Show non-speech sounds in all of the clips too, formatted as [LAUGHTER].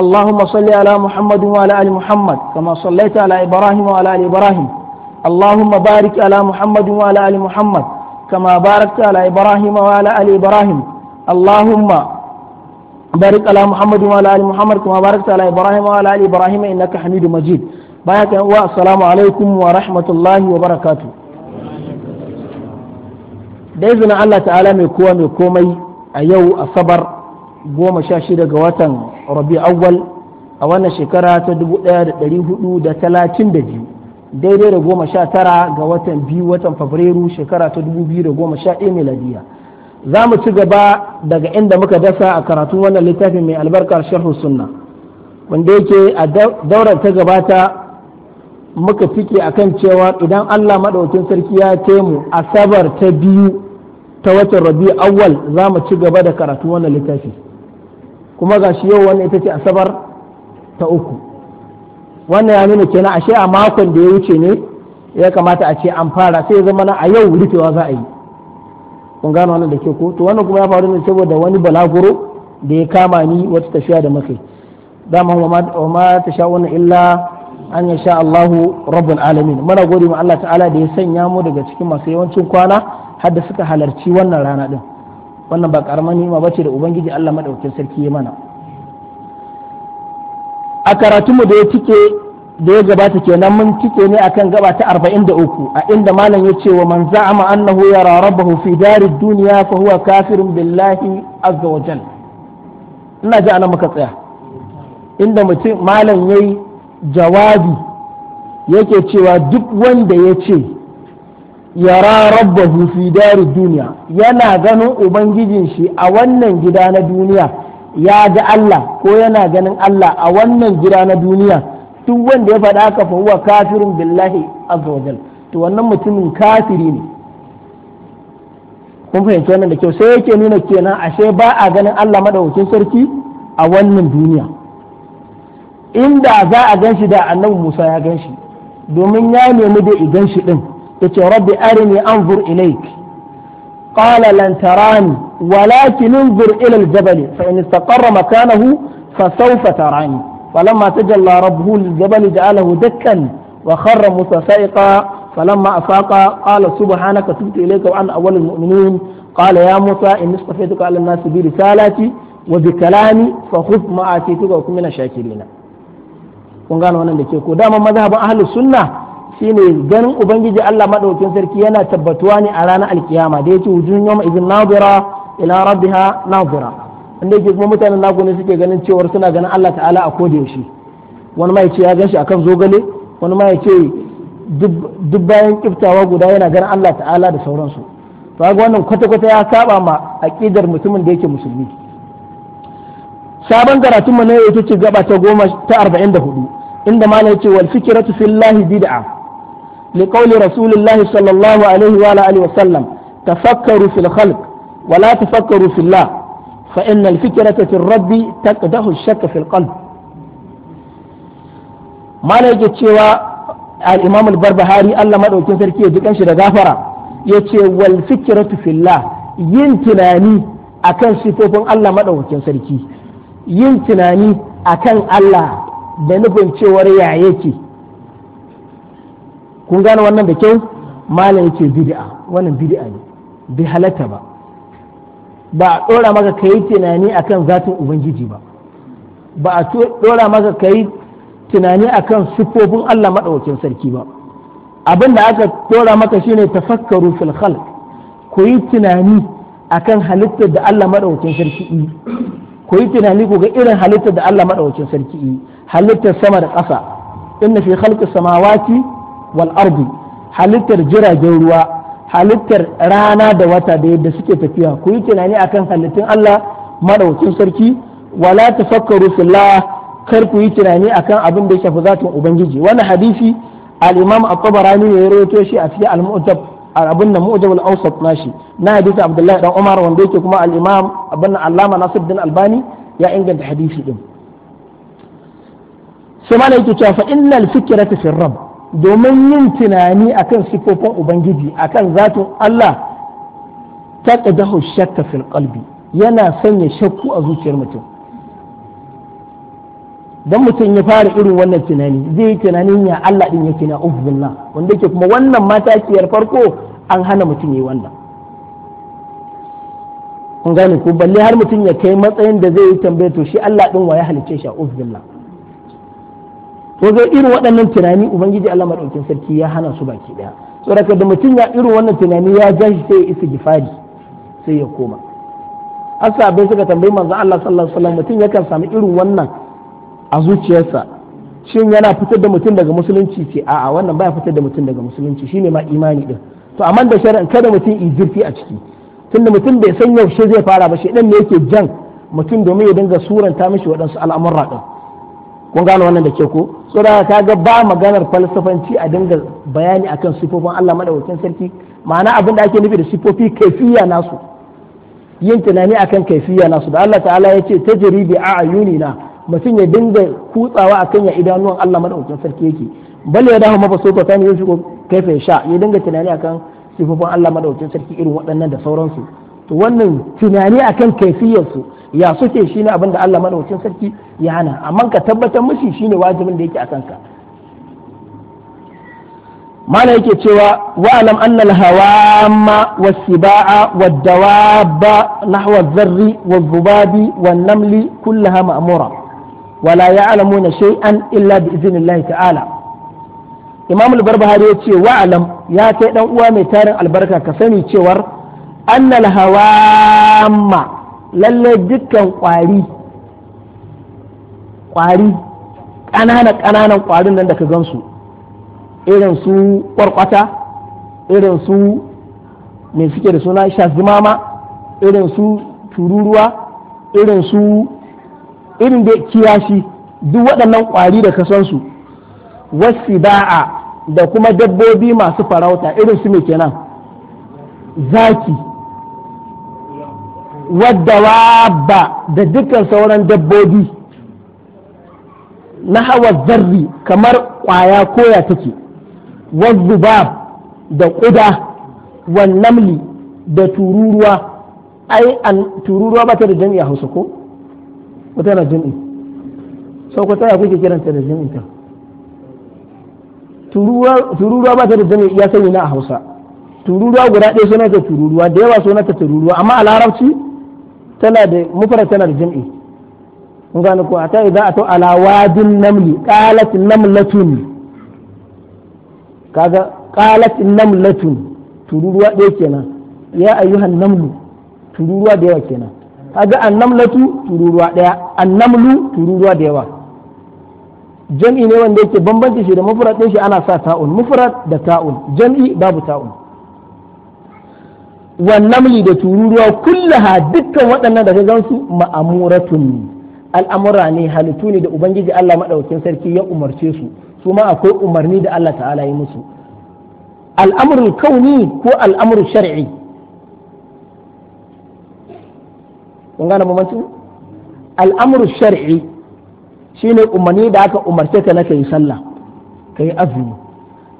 اللهم صل على محمد وعلى ال محمد كما صليت على ابراهيم وعلى ال ابراهيم اللهم بارك على محمد وعلى ال محمد كما باركت على ابراهيم وعلى ال ابراهيم اللهم بارك على محمد وعلى ال محمد كما باركت على ابراهيم وعلى ال ابراهيم انك حميد مجيد بارك السلام عليكم ورحمه الله وبركاته da izinin Allah ta'ala mai kowa mai komai a yau asabar goma sha shida ga watan rabi awwal a wannan shekara ta dubu ɗaya da ɗari hudu da talatin da biyu daidai da goma sha tara ga watan biyu watan fabrairu shekara ta dubu biyu da goma sha ɗaya miladiya za mu ci gaba daga inda muka dasa a karatun wannan littafin mai albarkar sharhu sunna wanda yake a daurar ta gabata muka fike akan cewa idan allah maɗaukin sarki ya taimu mu asabar ta biyu ta watan rabi awwal za mu ci gaba da karatu wannan littafi kuma ga shi yau wannan ita ce asabar ta uku wannan ya nuna kenan ashe a makon da ya wuce ne ya kamata a ce an fara sai ya zama na a yau rufewa za a yi kun gano wannan da ke ko to wannan kuma ya faru ne saboda wani balaguro da ya kama ni wata tafiya da makai dama wa ma ta sha wannan illa an ya sha Allahu rabbul alamin muna gode ma Allah ta'ala da ya sanya mu daga cikin masu yawancin kwana har da suka halarci wannan rana din wannan ba karamar ni'ima ce da ubangiji Allah madaukakin sarki ya mana a karatunmu da ya tike da ya gabata kenan mun tike ne akan gaba ta arba'in da uku, a inda malam ya ce wa man za'ama annahu yara rabbahu fi dari dunya fa huwa kafirun billahi azza wa jal ina ji anan muka tsaya inda mutum malam yayi jawabi yake cewa duk wanda ya ce yara rabbahu fi dari duniya yana ganin ubangijin shi a wannan gida na duniya ya ga Allah ko yana ganin Allah a wannan gida na duniya duk wanda ya faɗa ka fa huwa kafirun billahi azza to wannan mutumin kafiri ne kun fahimci wannan da kyau sai yake nuna kenan ashe ba a ganin Allah madaukakin sarki a wannan duniya inda za a gan da annabi Musa ya gan shi domin ya nemi da i gan shi din قلت يا رب أرني أنظر إليك قال لن تراني ولكن انظر إلى الجبل فإن استقر مكانه فسوف تراني فلما تجلى ربه للجبل جعله دكا وخر موسى سائقا فلما أفاق قال سبحانك تبت إليك وأنا أول المؤمنين قال يا موسى إني اصطفيتك على الناس برسالتي وبكلامي فخذ ما آتيتك وكن من الشاكرين kun gane wannan da ke ko dama shine ganin ubangiji Allah madaukin sarki yana tabbatuwa ne a ranar alkiyama da yace wujun yawma izin nazira ila rabbiha nazira inda yake kuma mutanen naku ne suke ganin cewar suna ganin Allah ta'ala a koda yaushe wani ma ce ya a akan zogale wani ma ce duk bayan kiftawa guda yana ganin Allah ta'ala da sauransu to ga wannan kwata kwata ya saba ma aqidar mutumin da yake musulmi sabon karatun mu ne ce gaba ta goma ta 44 inda malam ce wal fikratu fillahi bid'a لقول رسول الله صلى الله عليه وعلى آله وسلم تفكروا في الخلق ولا تفكروا في الله فإن الفكرة في الرب تقده الشك في القلب ما لقيت شوى الإمام البربهاري ألا ما دوكين تركيه دكان شدا غافرة يتشي والفكرة في الله ينتناني أكن صفوفن ألا ما دوكين تركيه ينتناني أكن الله da nufin cewar ya yake kun gane wannan da kyau malam yace bid'a wannan bid'a ne bai halatta ba ba a dora maka kai tunani akan zatin ubangiji ba ba a dora maka kai tunani akan sifofin Allah madaukakin sarki ba abin da aka dora maka shine tafakkaru fil khalq ku yi tunani akan halittar da Allah madaukakin sarki yi ku yi tunani ku ga irin halittar da Allah madaukakin sarki yi halittar sama da ƙasa inna fi khalqis samawati wal ardi halittar jiragen ruwa halittar rana da wata da yadda suke tafiya ku yi tunani akan halittun Allah madaukakin sarki wala tafakkaru fillah kar ku yi tunani akan abin da ya shafi zatin ubangiji wannan hadisi al-imam at-tabarani ne ya rawaito shi a cikin al-mu'jam abin da mu'jam al-awsat nashi na hadisi abdullahi dan umar wanda yake kuma al-imam abin allama nasiruddin albani ya inganta hadisi din sai malai yake cewa fa innal fikrata fi rabb domin yin tunani akan sifofin ubangiji akan zatin Allah ta ƙadahu shakka fil ƙalbi, yana sanya shakku a zuciyar mutum don mutum ya fara irin wannan tunani zai yi tunanin ya Allah ɗin yake na ubbillah wanda yake kuma wannan matakiyar farko an hana mutum yi wannan kun gane ku? balle har mutum ya kai matsayin da zai yi tambaya to shi Allah ɗin wa ya halicce shi a ubbillah ko zai irin waɗannan tunani ubangiji Allah madaukakin sarki ya hana su baki daya saboda da mutum ya irin wannan tunani ya ja shi sai ya isa gifari sai ya koma asabai suka tambayi manzo Allah sallallahu alaihi wasallam mutum yakan samu irin wannan a zuciyarsa shin yana fitar da mutum daga musulunci ce a'a wannan baya fitar da mutum daga musulunci shine ma imani din to amma da shari'a kada mutum yi zurfi a ciki tunda mutum bai san yaushe zai fara ba shi dan ne yake jan mutum domin ya dinga suranta mishi waɗansu al'amurra din kun gane wannan da ke ko saboda ta ga ba maganar falsafanci a dinga bayani akan sifofin Allah madaukakin sarki ma'ana abin da ake nufi da sifofi kaifiya nasu yin tunani akan kaifiya nasu da Allah ta'ala ya ce ta tajri bi na, mutum ya dinga kutsawa akan ya idanuwan Allah madaukakin sarki yake bal ya dahu mabasuta tani yushi ko kaifin sha ya dinga tunani akan sifofin Allah madaukakin sarki irin waɗannan da sauransu to wannan tunani akan kaifiyarsu ya suke shine abin da Allah madaukakin sarki ya hana amma ka tabbatar mushi shine wajibin da yake a kanka mana yake cewa wa'alam annal hawama wasiba'a wadawaba nahwa dharri Zubabi wan-namli kullaha ma'mura wala ya'lamuna shay'an illa bi'iznillah ta'ala Imam al-Barbahari ya ce wa'alam ya kai dan uwa mai tarin albarka ka sani cewar annal hawama lalle dukkan kwari kwari ƙananan ƙananan kwarin nan da ka gansu irin su kwarkwata irin su mai suke da suna shazimama irin su tururuwa irin su irin da kiyashi duk waɗannan kwari da ka san su wasu da'a da kuma dabbobi masu farauta irin su mai kenan zaki wadda da dukkan sauran dabbobi na hawa zarri kamar kwaya koya take wazzubab da ƙuda namli da tururuwa ai an tururuwa ba ta da jami'a hausa ko wata na jami'a sau ko tana kuke kiranta da jami'a tururuwa ba ta da jami'a ya sani na a hausa tururuwa guda ɗaya sunanta tururuwa da yawa sunanta tururuwa amma a larabci tana da mufara tana da jam'i in gane ko ata idza ato ala wadin namli qalat namlatun kaga qalat namlatun tururuwa ɗaya kenan ya ayyuhan namlu tururuwa da yawa kenan kaga annamlatu tururuwa ɗaya annamlu tururuwa da yawa jam'i ne wanda yake bambanci shi da mufrad din shi ana sa ta'un mufrad da ta'un jam'i babu ta'un والنمل da tururuwa kullaha dukkan waɗannan da gan su ma'amuratun ne halittu ne da ubangiji Allah maɗaukin sarki ya umarce su su ma akwai umarni da Allah ta'ala ya musu al'amrul kauni ko al'amrul shar'i kun gane bambancin al'amrul shar'i shine umarni da aka umarce ka na kai sallah ka yi azumi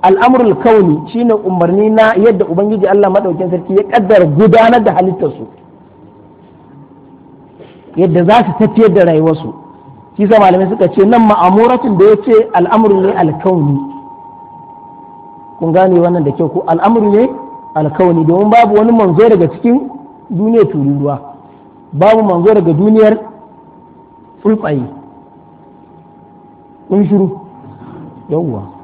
al’amurul kauni ne umarni na yadda ubangiji Allah maɗaukin sarki ya ƙaddara gudanar da halittarsu yadda za su tafiyar da rayuwarsu shi sa malamai suka ce nan ma'amuratin da ya ce al’amurul ne alkauni kun gane wannan da kyau ko al’amurul ne alkauni domin babu wani manzo daga cikin duniyar tururuwa babu manzo daga duniyar fulfayi kun shiru yawwa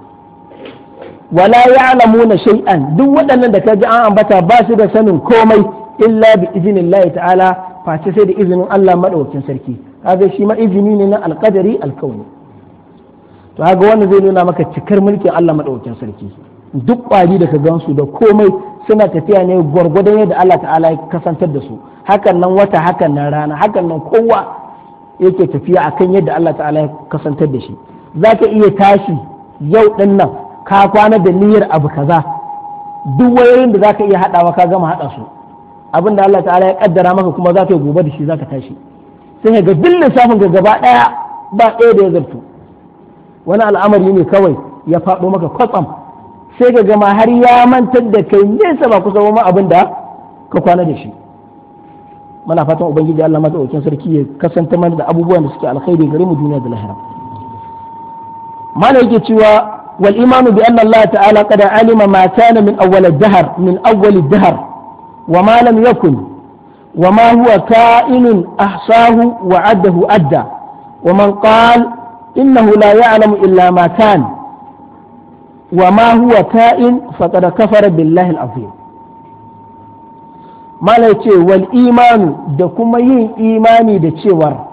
wala ya na shay'an duk waɗannan da ka ji an ambata ba su da sanin komai illa bi iznillahi ta'ala face sai da izinin Allah maɗaukin sarki kaga shi ma izini ne na alqadari alkauni to kaga wannan zai nuna maka cikar mulkin Allah maɗaukin sarki duk ƙwari da ka gansu da komai suna tafiya ne gwargwadon yadda Allah ta'ala ya kasantar da su hakan nan wata hakan nan rana hakan nan kowa yake tafiya akan yadda Allah ta'ala ya kasantar da shi zaka iya tashi yau din nan ka kwana da niyyar abu kaza duk wayoyin da zaka iya hadawa ka gama hada su abin da Allah ta'ala ya kaddara maka kuma zaka yi gobe da shi zaka tashi sai ga duk lissafin ga gaba daya ba ɗaya da ya zartu wani al'amari ne kawai ya faɗo maka kwatsam sai ka gama har ya mantar da kai nesa ba kusa ma abin da ka kwana da shi muna fatan ubangiji Allah madaukakin sarki ya kasanta mana da abubuwan da suke alkhairi gare mu duniya da lahira mana yake cewa والإيمان بأن الله تعالى قد علم ما كان من أول الدهر من أول الدهر وما لم يكن وما هو كائن أحصاه وعده أدى ومن قال إنه لا يعلم إلا ما كان وما هو كائن فقد كفر بالله العظيم ما لا wal imanu da kuma yin imani da cewar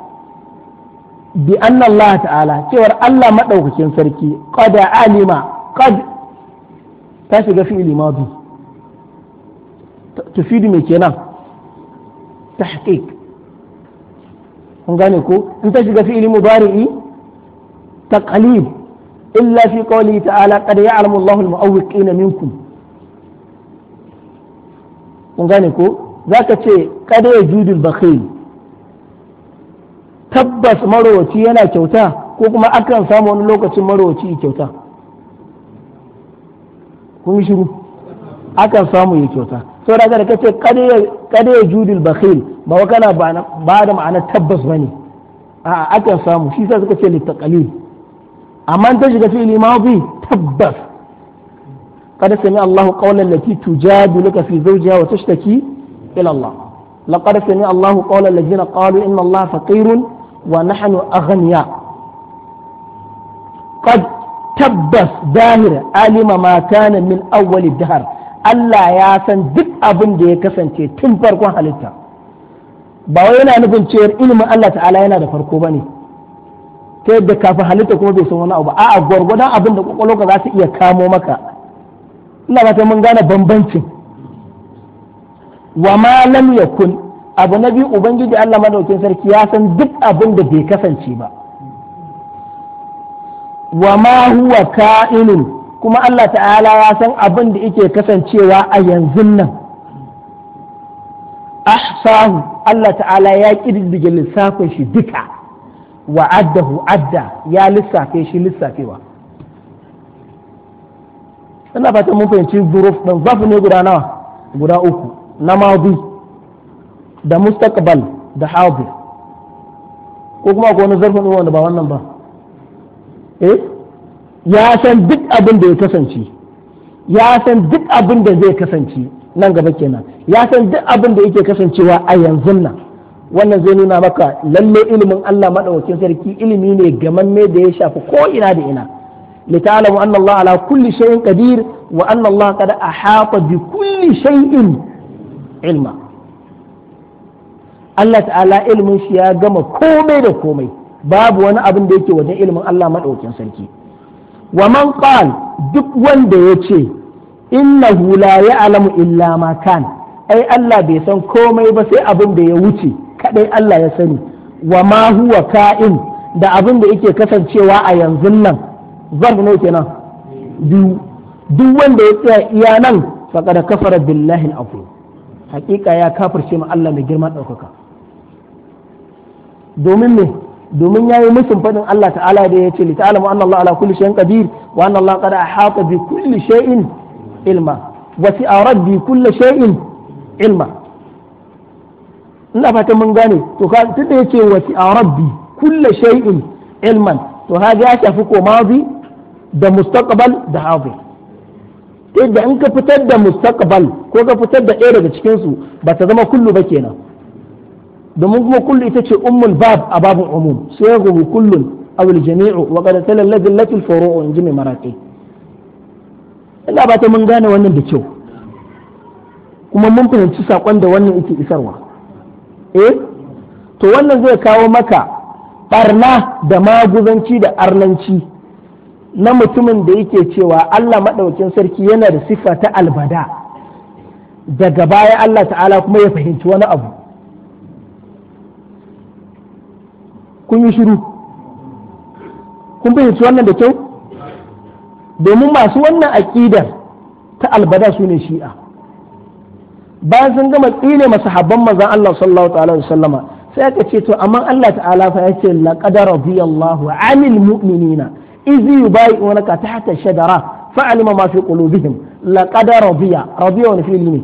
bi anna Allah ta'ala cewar Allah madaukakin sarki qad alima qad ta shiga fili madi tufidu me kenan tahqiq kun gane ko in ta shiga fi'ili mudari'i taqlib illa fi qawli ta'ala qad ya'lamu Allahu al-mu'awwiqina minkum kun gane ko zaka ce qad yajudul bakhil tabbas marowaci yana kyauta ko kuma akan samu wani lokacin marowaci kyauta kun shiru akan samu ya kyauta sau da ka ce kada ya judil bakhil ba wa kana ba da ma'ana tabbas ba ne a akan samu shi sa suka ce littakalil amma ta shiga fili mafi tabbas kada sami Allahu qawlan lati luka fi zawjiha wa tashtaki ila Allah laqad sami Allahu qawlan allazina qalu inna Allah faqirun wa nahnu aghniya qad tabbas dahir alima ma kana min awwali dahar Allah ya san duk abin da ya kasance tun farko halitta ba wai yana nufin cewar ilimin Allah ta'ala yana da farko bane ta yadda kafin halitta kuma bai san wani abu a'a gwargwadon abin da ka za su iya kamo maka ina ba mun gane bambancin wa malam lam yakun abu na biyu ubangiji Allah madaukin sarki ya san duk abin da bai kasance ba wa ma huwa ka'inun kuma Allah ta'ala ya san abin da yake kasancewa a yanzu nan ahsahu Allah ta'ala ya ƙididdige lissafin shi duka wa addahu adda ya lissafe shi lissafewa ina fatan mun fahimci zuruf zafi ne guda nawa guda uku na madu da mustaqbal da hadir ko kuma ko wani zarfin wanda ba wannan ba eh ya san duk abin da ya kasance ya san duk abin da zai kasance nan gaba kenan ya san duk abin da yake kasancewa a yanzu nan wannan zai nuna maka lalle ilimin Allah madaukakin sarki ilimi ne me da ya shafi ko ina da ina Allah ala kulli shay'in qadir wa anna Allah qad ahata bi kulli shay'in ilma Allah ta'ala ilimin shi ya gama komai da komai babu wani abin da yake wajen ilimin Allah madaukin sarki wa man qal duk wanda ya ce innahu la ya'lamu illa ma kan ai Allah bai san komai ba sai abin da ya wuce kadai Allah ya sani wa ma huwa ka'in da abin da yake kasancewa a yanzu nan zarf ne kenan duk wanda ya tsaya iya nan faqad kafara billahi al-azim hakika ya kafirce ma Allah mai girman ɗaukaka domin me domin ya yi mutum fadin Allah ta'ala da ce li ta'ala mu annallahu ala kulli shay'in qadir wa annallahu qad ahata bi kulli shay'in ilma wa fi rabbi kulli shay'in ilma ina fatan mun gane to ka tunda yace wa fi rabbi kulli shay'in ilman to ha ya shafi ko mazi da mustaqbal da hafi yadda in ka fitar da mustaqbal ko ka fitar da ɗaya daga cikinsu ba ta zama kullu ba kenan domin kuma kullu ita ce ummul bab a babin umum sai ya gubu kullun aw jami'u wa qad talalla dillatul furu'u in jimi maraqi ina ba ta mun gane wannan da kyau kuma mun fahimci sakon da wannan yake isarwa eh to wannan zai kawo maka barna da maguzanci da arnanci na mutumin da yake cewa Allah madaukin sarki yana da siffa ta albada daga baya Allah ta'ala kuma ya fahimci wani abu kun yi shiru kun fahimci wannan da kyau domin masu wannan aƙidar ta albada su ne shi'a bayan sun gama tsine masahabban manzon Allah sallallahu ta'ala alaihi wasallama sai aka ce to amma Allah ta'ala fa yace laqad radiyallahu 'anil mu'minina idh yubayi'unaka tahta shajara fa'alima ma fi qulubihim laqad radiya radiya wani fili ne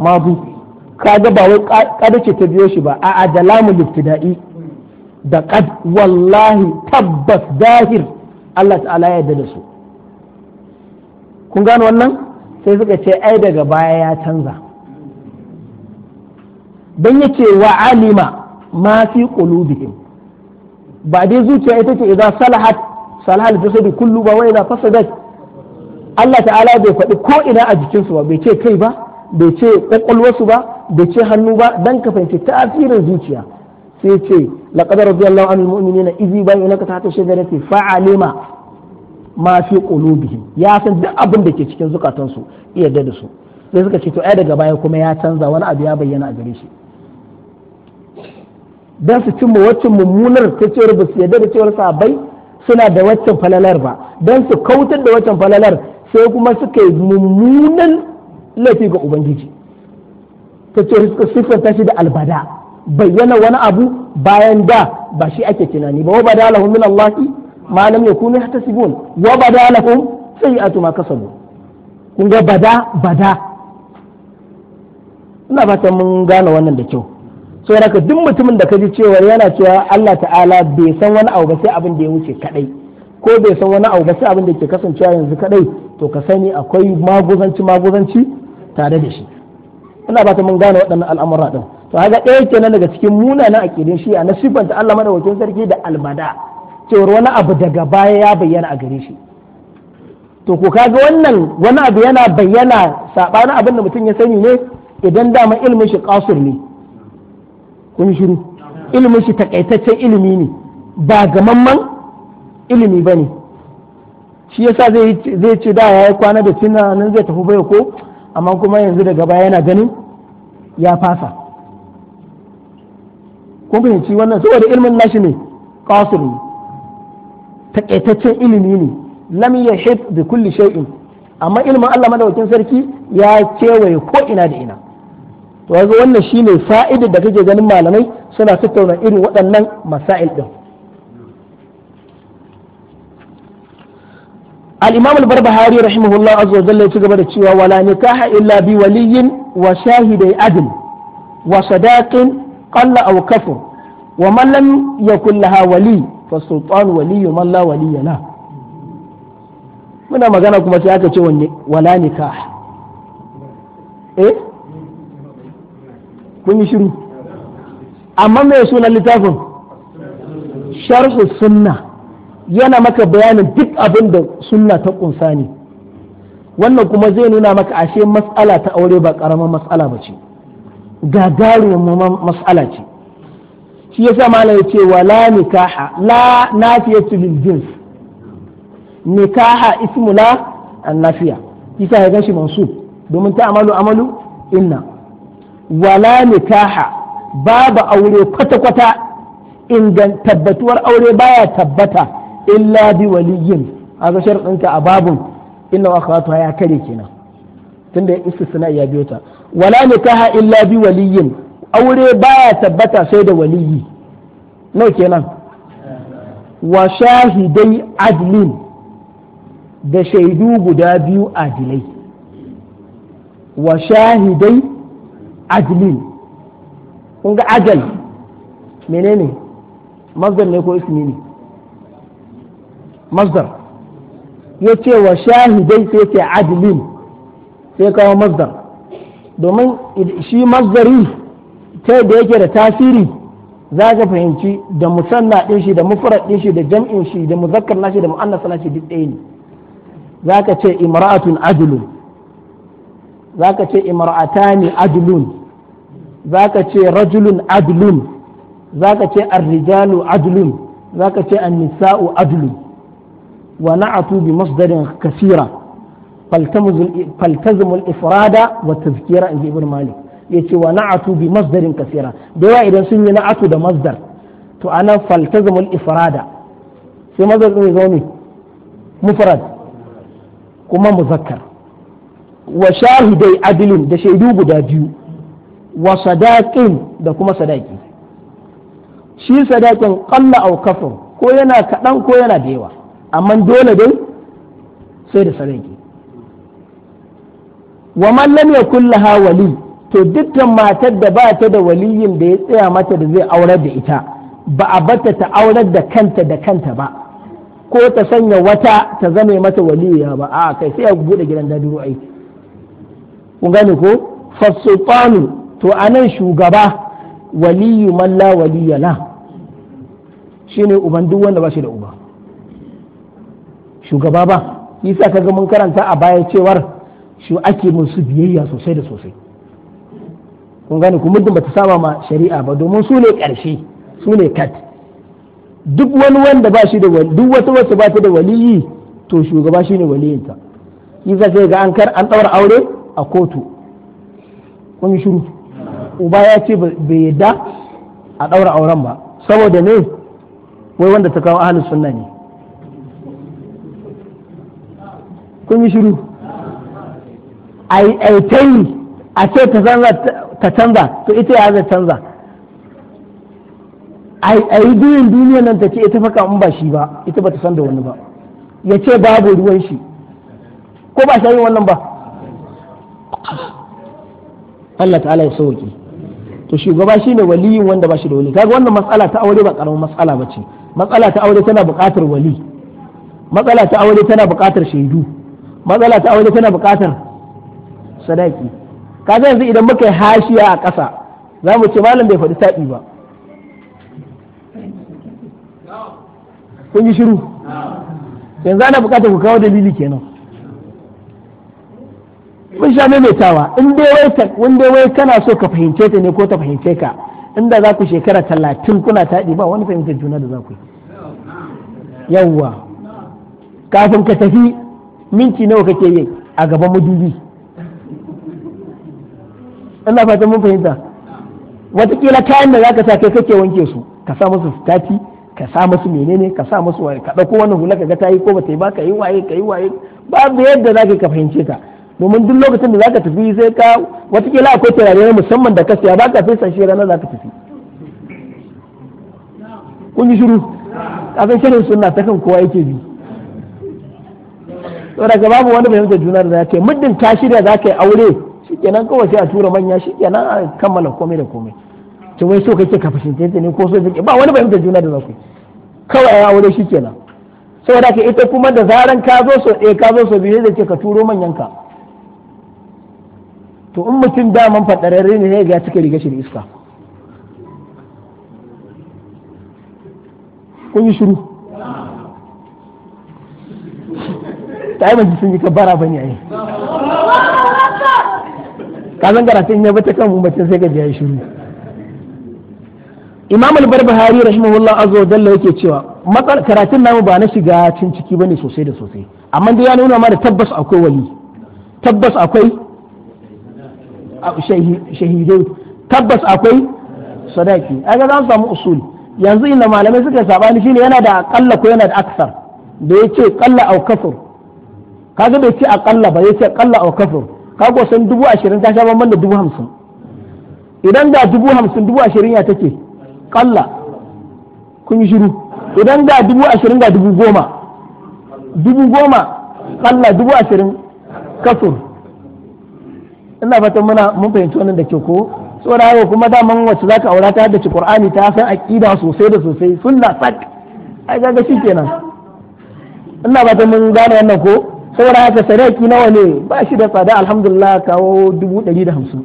madu kaga ba wai kada ce ta biyo shi ba a'a da lamu ibtida'i da ƙad wallahi tabbas zahir Allah ta'ala ya yarda da su kun gano wannan sai suka ce ai daga baya ya canza dan yake wa alima ma fi qulubihim ba dai zuciya ita ce idan salahat salahal jasadi kullu ba wai idan fasadat Allah ta'ala bai faɗi ko ina a jikinsu ba bai ce kai ba bai ce ƙwaƙwalwarsu ba bai ce hannu ba dan ka fahimci tasirin zuciya sai ce لقد رضي الله عن المؤمنين إذ يبايعونك تحت الشجرة فعلم ما في قلوبهم يا san duk abin da ke cikin zukatunsu iya da su sai suka ce to ai daga baya kuma ya canza wani abu ya bayyana a gare shi dan su cimma waccan mummunar ta cewar ba su yarda da cewar sabai suna da waccan falalar ba dan su kautar da waccan falalar sai kuma suka yi mummunan laifi ga ubangiji ta cewar suka siffanta shi da albada bayyana wani abu bayan da ba shi ake tunani ba wa bada lahum min Allah ma lam yakunu yahtasibun wa bada lahum sayi'atu ma kasabu kun ga bada bada ina ta mun gane wannan da kyau so haka duk mutumin da kaji cewa yana cewa Allah ta'ala bai san wani abu ba sai abin da ya wuce kadai ko bai san wani abu ba sai abin da ke kasancewa yanzu kadai to ka sani akwai maguzanci maguzanci tare da shi ina ba ta mun gane waɗannan al'amura ɗin to haka ɗaya kenan daga cikin munanan aƙidin shi'a na sifanta Allah wajen sarki da almada cewar wani abu daga baya ya bayyana a gare shi to ko kaga wannan wani abu yana bayyana sabanin abin da mutum ya sani ne idan dama ilimin shi kasur ne kun shiru ilimin shi takaitaccen ilimi ne ba gamamman ilimi ba ne shi yasa zai ce da ya yi kwana da tunanin zai tafi bai ko amma kuma yanzu daga baya yana ganin ya fasa kun fahimci wannan saboda ilmin nashi ne qasir takaitaccen ilimi ne lam yahit bi kulli shay'in amma ilmin Allah madaukakin sarki ya kewaye ko ina da ina to yanzu wannan shine fa'ida da kake ganin malamai suna tattauna irin waɗannan masail din الإمام البربهاري رحمه الله عز وجل يتقبل ولا نكاح إلا بولي وشاهد عدل وصداق Ƙalla aw kafur wa man ya yakul laha wali fa sultan wali man la muna magana kuma sai aka ce wala nikah eh kun yi shiru amma mai sunan littafin sharhu sunna yana maka bayanin duk abin da sunna ta kunsa ne wannan kuma zai nuna maka ashe matsala ta aure ba ƙaramin matsala ba ce gagarumin mas'ala ce shi yasa malam ya ce wala nikaha la nafiyatu lil jins nikaha ismu la annafiya isa ya gashi mansub domin ta amalu amalu inna wala nikaha babu aure kwata kwata ingan tabbatuwar aure baya tabbata illa bi waliyin a ga sharadinka a babun inna akhawatu ya kare kenan tunda istisna ya biyo ta wala nikaha illa bi waliyin aure baya tabbata sai da waliyi ke kenan wa shahidai adlin da shaidu guda biyu adilai wa shahidai adlin kun ga ajal menene mazdar ne ko ismi ne mazdar ya ce wa shahidai sai ce adlin sai kawo mazdar domin shi mazdari ta da yake da tasiri za ka fahimci da musanna ɗin shi da mufarar ɗin shi da jam'in shi da muzakkar nashi da mu'annasa nashi duk ɗaya ne za ka ce imra'atun adlun za ka ce imra'atani ajlun za ka ce rajulun adlun za ka ce arrijalu adlun za ka ce annisa'u adlun wa na'atu bi masdarin kasira faltazimul ifrada wa tazkira inji ibn malik yace wa na'atu bi masdarin kasira da yawa idan sun yi na'atu da masdar to ana faltazimul ifrada sai masdar din zo mufrad kuma muzakkar wa shahidai adilin da shaidu guda biyu wa sadaqin da kuma sadaki shi sadakin qalla aw kafur ko yana kaɗan ko yana da yawa amma dole dai sai da sadaki wa man lam yakul laha wali to dukkan matar da ba ta da waliyin da ya tsaya mata da zai aurar da ita ba a bata ta aurar da kanta da kanta ba ko ta sanya wata ta zame mata waliya ba a kai sai a bude gidan dadiro aiki kun gane ko fasultanu to anan shugaba waliyu man la waliya la shine uban duk wanda ba shi da uba shugaba ba yasa kaga mun karanta a baya cewar shi ake su biyayya sosai da sosai kun gane ku muddin bata saba ma shari'a ba domin su ne karshe su ne kat duk wani wanda ba shi da duk wata wacce ba ta da waliyi to shugaba shine waliyinta yi za ga an kar an aure a kotu kun shiru uba ya ce bai yadda a ɗaura auren ba saboda ne wai wanda ta kawo ahlus sunna ne kun yi shiru ai ta yi a ce ta canza to ita ya za canza a yi duyin duniyan nan ta ce ita faka in ba shi ba ita ba ta san da wani ba ya ce babu ruwan shi ko ba shayin wannan ba Allah ta'ala ya sauki to shugaba shi ne waliyin wanda ba shi da wali kaga wannan matsala ta aure ba karamin matsala ba ce matsala ta aure tana buƙatar wali matsala ta aure tana buƙatar shaidu matsala ta aure tana buƙatar sadaki kaga yanzu idan muka yi hashiya a ƙasa za mu ce malam bai faɗi taɗi ba kun yi shiru yanzu ana buƙatar ku kawo dalili kenan mun sha maimaitawa in dai wai wai kana so ka fahimce ta ne ko ta fahimce ka inda za ku shekara talatin kuna taɗi ba wani fahimtar juna da za ku yi yawwa kafin ka tafi minti nawa kake yi a gaban madubi Allah fatan mun fahimta wataƙila kayan da ka sa kai kake wanke su ka sa musu stati ka sa musu menene ka sa musu waye ka dauko wannan hula ka ga tayi ko ba ta yi ba ka yi waye ka yi waye babu yadda za ka fahimce ta domin duk lokacin da ka tafi sai ka wataƙila akwai turare musamman da ka siya ba ka fesa shi ranar ka tafi kun yi shiru kasan shirin suna ta kan kowa yake bi saboda babu wani fahimtar juna da ka yi muddin ka shirya ka yi aure shikenan kawai sai a tura manya shikenan a kammala komai da komai to wai so kake ka fahimce ta ne ko so kake ba wani fahimtar juna da za ku kawai ya aure shikenan saboda ka ita kuma da zaran ka zo so ɗaya ka zo so biyu da ce ka turo manyan ka to in mutum daman fadararre ne ya ga cika riga shi da iska kun yi shiru ta yi sun yi kabara ba ne a yi ka san karatun ya bata kan mutum sai ka ji ya shiru imam al-barbahari rahimahullah azza wa jalla yake cewa matsal karatun namu ba na shiga cin ciki bane sosai da sosai amma dai ya nuna mana tabbas akwai wali tabbas akwai shahidai tabbas akwai sadaki ga za mu samu usul yanzu inda malamai suka sabani shine yana da akalla ko yana da aksar da ya ce qalla au kafur kaga bai ce akalla ba ce qalla au kafur ka san dubu ashirin ta sha ban da dubu hamsin idan da dubu hamsin dubu ashirin ya take kalla kun yi shiru idan da dubu ashirin da dubu goma dubu goma kalla dubu ashirin kasur ina fatan muna mun fahimci wannan da ke ko saboda haka kuma daman wacce za ka aura ta haddace qur'ani ta san aqida sosai da sosai sunna sak ai ga shi kenan ina fatan mun gane wannan ko saboda haka sadaki nawa ne ba shi da tsada alhamdulillah kawo dubu ɗari da hamsin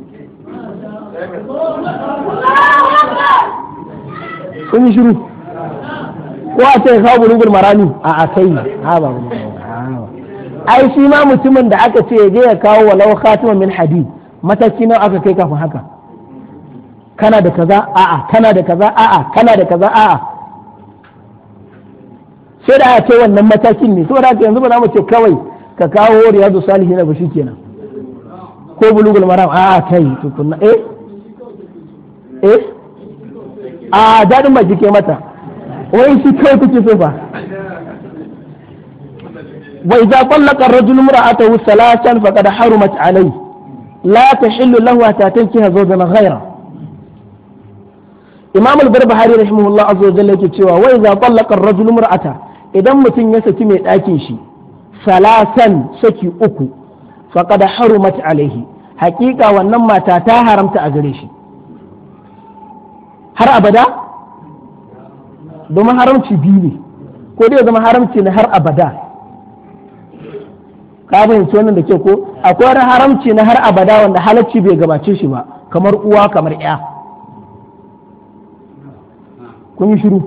sun yi shiru ko a ce kawo bulugul marani a a kai ha ba ai shi ma mutumin da aka ce je ya kawo walau khatima min hadid mataki nawa aka kai kafin haka kana da kaza a'a kana da kaza a'a kana da kaza a'a sai da ce wannan matakin ne saboda haka yanzu ba za mu ce kawai ka kawo riyadu salihi na bashi kenan ko bulugul maram a kai tukunna eh eh a dadin ba kike mata wai shi kai kuke so ba wa idza qallaqa ar-rajulu imra'atahu salatan faqad harumat alayhi la tahillu lahu hatta tankiha zawjan ghayra imam al-barbahari rahimahullah azza wa jalla yake cewa wa za tallaka ar-rajulu mar'ata idan mutum ya saki mai dakin shi salasan saki uku faqad harumat alaihi hakika wannan mata ta haramta a gare shi har abada domin haramci biyu ne ko dai zama haramci na har abada ka fahimci wannan da ke ko akwai wani haramci na har abada wanda halacci bai gabace shi ba kamar uwa kamar ya kun yi shiru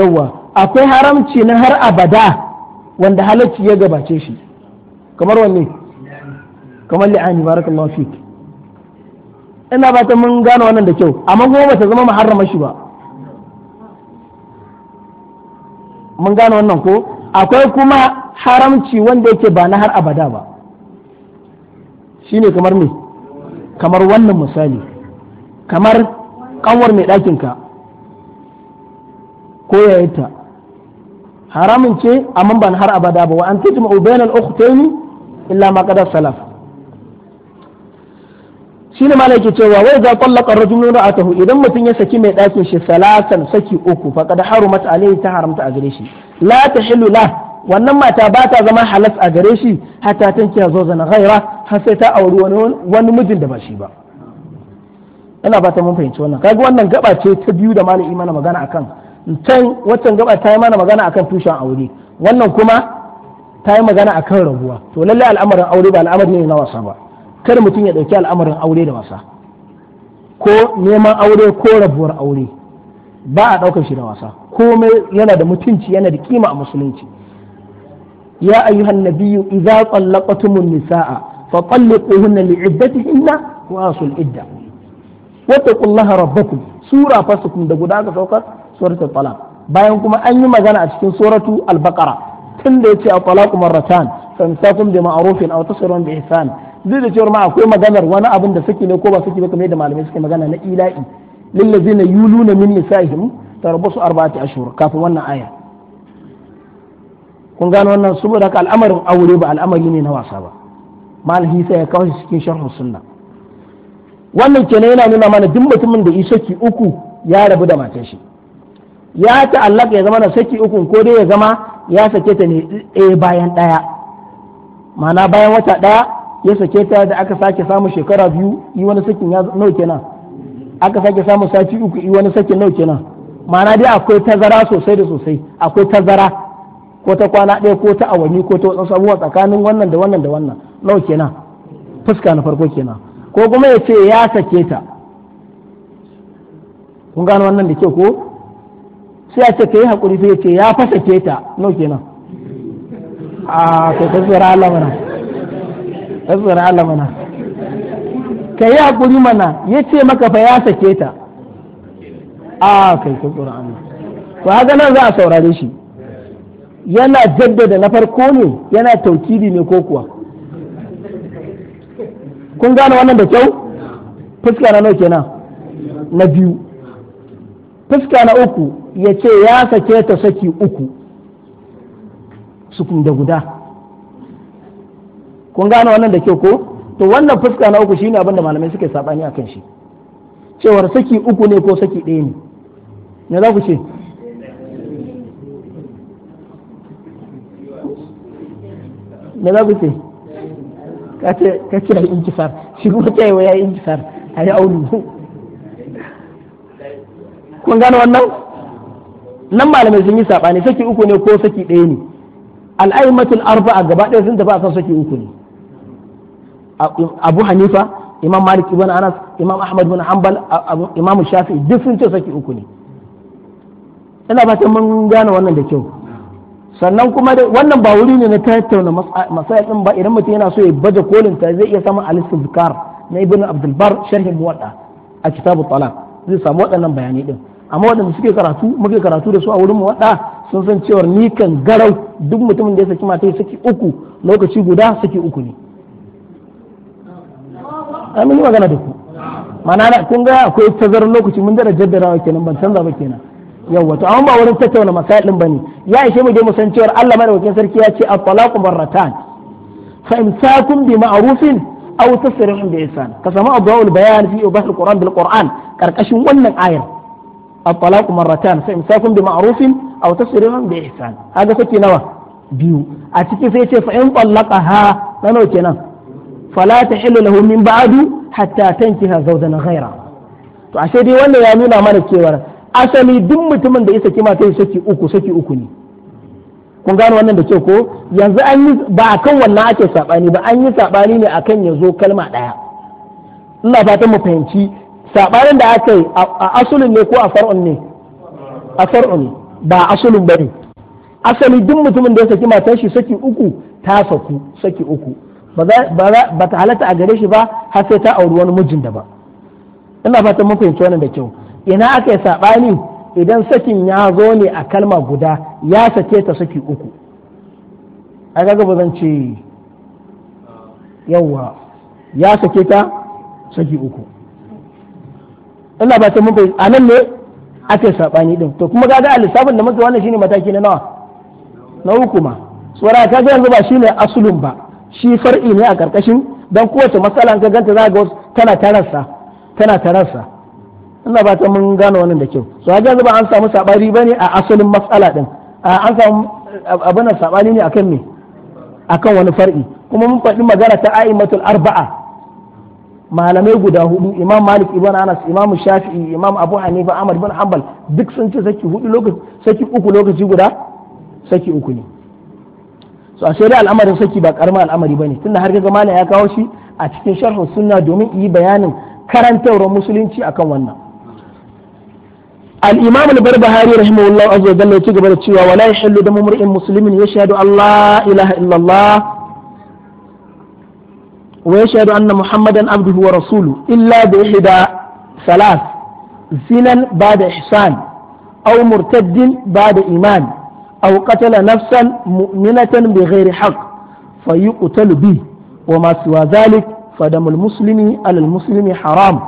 yawwa akwai haramci na har abada wanda halacci ya gabace shi kamar wanne kamar li'ani barakallahu fik ina ba ta mun gano wannan da kyau amma kuma ba ta zama muharrama shi ba mun gano wannan ko akwai kuma haramci wanda yake ba na har abada ba shine kamar me kamar wannan misali kamar kanwar mai ɗakinka ko yayinta haramun ce amma ban har abada ba wa an tajma'u bainal ukhtaini illa ma qad salaf shine malai yake cewa wai za qallaqa a ra'atahu idan mutum ya saki mai ɗakin shi salatan saki uku haru mata alai ta haramta a gare shi la tahillu la wannan mata ba ta zama halas a gare shi hatta tanki zo zana ghaira har sai ta auri wani wani mijin da ba shi ba ina ba ta mun fahimci wannan kaga wannan gaba ce ta biyu da malami imana magana akan can waccan gaba ta yi mana magana akan tushen aure wannan kuma ta yi magana akan rabuwa to lalle al'amarin aure ba al'amari ne na wasa ba kar mutum ya ɗauki al'amarin aure da wasa ko neman aure ko rabuwar aure ba a ɗaukar shi da wasa komai yana da mutunci yana da kima a musulunci ya ayyuhan nabiyyu idza tsallaqatumun nisaa fa talliquhunna li'iddatihinna wa asul idda taqullaha rabbakum sura fasukum da guda ka saukar suratu talaq bayan kuma an yi magana a cikin suratu al-baqara tun da yace at-talaqu marratan famsakum bi ma'ruf aw tasrun bi ihsan duk da cewa akwai maganar wani abin da suke ne ko ba suke ba kamar yadda malamai suke magana na ila'i lillazina yuluna min nisa'ihim tarabbasu arba'ati ashhur kafin wannan aya kun gano wannan saboda haka al'amarin aure ba al'amari ne na wasa ba malhi sai ya kawo cikin sharhus sunna wannan kenan yana nuna mana duk mutumin da isaki uku ya rabu da matar shi ya ta'allaka ya zama na saki ukun ko dai ya zama ya sake ta ne ɗaya bayan ɗaya ma'ana bayan wata ɗaya ya sake ta da aka sake samun shekara biyu yi wani sakin ya nau kenan aka sake samun sati uku yi wani sakin nau kenan ma'ana dai akwai tazara sosai da sosai akwai tazara ko ta kwana ɗaya ko ta awanni ko ta wasu abubuwa tsakanin wannan da wannan da wannan nau kenan fuska na farko kenan ko kuma ya ce ya sake ta kun gano wannan da ke ko sai a ce ka yi haƙuri sai ce ya fasa keta ta nau kenan a to ka tsira Allah ka tsira Allah ka yi haƙuri mana ya ce maka fa ya sake ta a kai ka tsira Allah to haka nan za a saurare shi yana jaddada na farko ne yana taukidi ne ko kuwa kun gane wannan da kyau fuska na nau kenan na biyu fuska na uku ya ce ya sake ta saki uku sukun da guda kun gane wannan da ke ko to wannan fuska na uku shine abin da malamai suke sabani akan shi cewar saki uku ne ko saki ɗaya ne ne za ku ce ne za ku ce ka ce yi inkifar shi kuma ce yi ya yi a yi aulu kun gane wannan nan malamai sun yi saɓani saki uku ne ko saki ɗaya ne al'aimatul a gaba ɗaya sun tafi a kan saki uku ne abu hanifa imam malik ibn anas imam ahmad ibn hanbal imam shafi duk sun ce saki uku ne ina ta mun gane wannan da kyau sannan kuma wannan ba wuri ne na tattauna masayar din ba idan mutum yana so ya baje kolin ta zai iya samun al-istizkar na ibn abdul bar sharhin muwadda a kitabu talaq zai samu waɗannan bayanai din amma waɗanda suke karatu muke karatu da su a wurin waɗa sun san cewar ni kan garau duk mutumin da ya saki mata ya saki uku lokaci guda saki uku ne ai mun magana da ku mana kun ga akwai tazarar lokaci mun dara jaddarawa kenan ban canza ba kenan Yau to amma ba wurin tattauna masailin bane ya ishe mu je mu san cewar Allah madaukakin sarki ya ce at-talaqu marratan fa imsakun bi ma'rufin aw tasrihun bi ihsan ka samu abdul bayan fi al qur'an bil qur'an karkashin wannan ayar الطلاق مرتان فإمساك بمعروف أو تسرير بإحسان هذا سكي نوى بيو أتكي سيتي فإن طلقها نانو كنا فلا تحل له من بعد حتى تنكها زوجا غيره to ashe dai wannan ya nuna mana cewar asali duk mutumin da ya saki mata ya saki uku saki uku ne kun gano wannan da kyau ko yanzu an yi ba kan wannan ake sabani ba an yi sabani ne akan ya zo kalma daya ina fatan mu fahimci sabanin da aka yi a asulin ne ko a far'un ne a far'un ba asulin bane asali duk mutumin da ya saki matan shi saki uku ta saku saki uku ba ta halatta a gare shi ba har sai ta auri wani mijin da ba ina fatan mun fahimci wannan da kyau ina aka yi sabani idan sakin ya zo ne a kalma guda ya sake ta saki uku a ga gaba zan ce yawa ya sake ta saki uku ina ba ta mun a nan ne ake sabani din to kuma kaga a lissafin da muke wannan shine mataki na nawa na uku ma tsora kaga yanzu ba shine asulun ba shi far'i ne a karkashin dan kowace matsala an ganta za ga tana tararsa tana tararsa ina ba ta mun gano wannan da kyau so kaga yanzu ba an samu ba bane a asalin matsala din an samu abin sabani ne akan me akan wani far'i kuma mun faɗi magana ta a'immatul arba'a malamai guda hudu imam malik ibn anas imam shafi'i imam abu hanifa ahmad ibn hanbal duk sun ce saki hudu lokaci saki uku lokaci guda saki uku ne so a sai al'amarin saki ba karamar al'amari bane tunda har kaga malam ya kawo shi a cikin sharhu sunna domin yi bayanin karantawar musulunci akan wannan الإمام البربهاري رحمه الله عز وجل يتقبل التشوى ولا يحل دم امرئ مسلم يشهد الله إله إلا الله ويشهد أن محمدا عبده ورسوله إلا بإحدى ثلاث زنا بعد إحسان أو مرتد بعد إيمان أو قتل نفسا مؤمنة بغير حق فيقتل به وما سوى ذلك فدم المسلم على المسلم حرام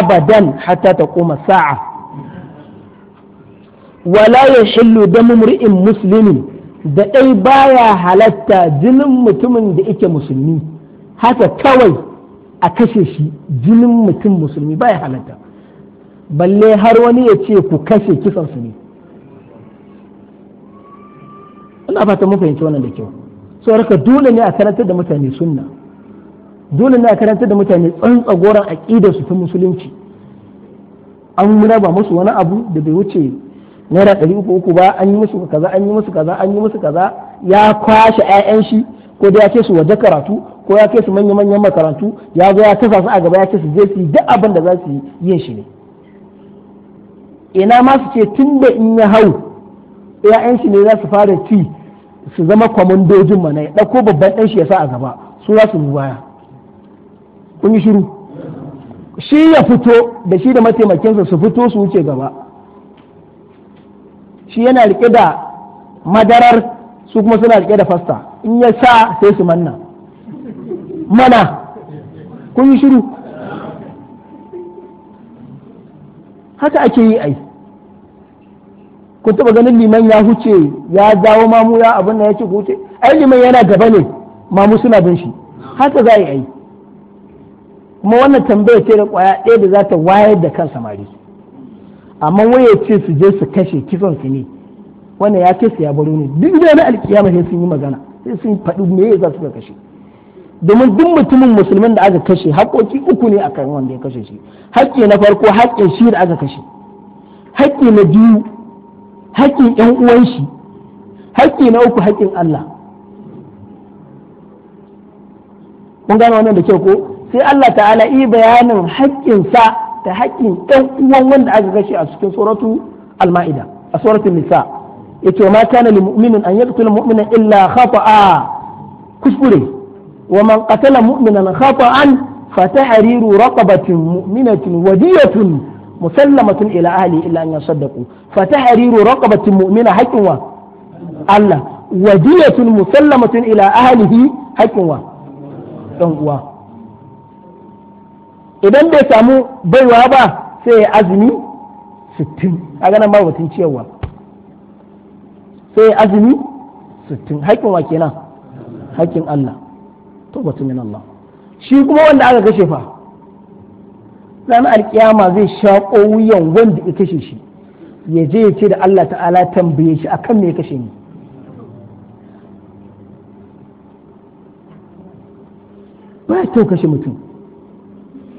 أبدا حتى تقوم الساعة ولا يحل دم امرئ مسلم da ɗai baya halatta jinin mutumin da yake musulmi haka kawai a kashe shi jinin mutum musulmi ba baya halatta balle har wani ya ce ku kashe kisan su ne ina fata mun fahimci wannan da kyau so raka dole ne a karantar da mutane sunna dole ne a karantar da mutane tsantsagoran aqidar su ta musulunci an raba musu wani abu da bai wuce naira ɗari uku uku ba an yi musu kaza an yi musu kaza an yi musu kaza ya kwashe 'ya'yan shi ko da ya ce su waje karatu ko ya kai su manya-manyan makarantu ya zo ya kasa su a gaba ya ce su je su yi duk abin da za su yi yin shi ne ina ma su ce tun da in ya hau ya'yan shi ne za su fara ci su zama kwamandojin mana ya ɗauko babban ɗan shi ya sa a gaba su za su baya kun yi shiru shi ya fito da shi da mataimakinsa su fito su wuce gaba shi yana rike da madarar su kuma suna rike da fasta in ya sa sai su manna mana kun yi shiru haka ake yi ai kun taba ganin liman ya huce ya dawo mamu ya abin da ya ce huce ai liman yana gaba ne mamu suna bin shi haka za a yi ai kuma wannan tambaya ce da kwaya ɗaya da za ta wayar da kan samari amma ya ce su je su kashe kisan su ne wannan ya kai su ya baro ne duk da na alkiyama sai sun yi magana sai sun faɗi me za su kashe domin duk mutumin musulmin da aka kashe haƙoƙi uku ne akan wanda ya kashe shi haƙƙi na farko haƙƙin shi da aka kashe haƙƙi na biyu haƙƙin ƴan uwan shi haƙƙi na uku haƙƙin Allah kun gano wannan da kyau ko sai Allah ta'ala yi bayanin haƙƙin sa da haƙƙin ƴan uwan wanda aka kashe a cikin suratu al-ma'ida a suratul nisa yace ma kana lil mu'minin an yaqtula mu'mina illa khata'a kuskure ومن قتل مؤمنا خطأ فتحرير رقبة مؤمنة ودية مسلمة إلى أهله إلا أن يصدقوا فتحرير رقبة مؤمنة حكوة الله ودية مسلمة إلى أهله حكوة ɗan'uwa idan bai samu baiwa ba sai ya azumi sittin a ganin ba batun cewa sai ya azumi sittin haƙƙin wa kenan haƙƙin Allah tawbatu min Allah shi kuma wanda aka kashe fa ranar alkiyama zai shaƙo wuyan wanda ya kashe shi ya je ya ce da Allah ta'ala tambaye shi akan me ya kashe ni ba kyau kashe mutum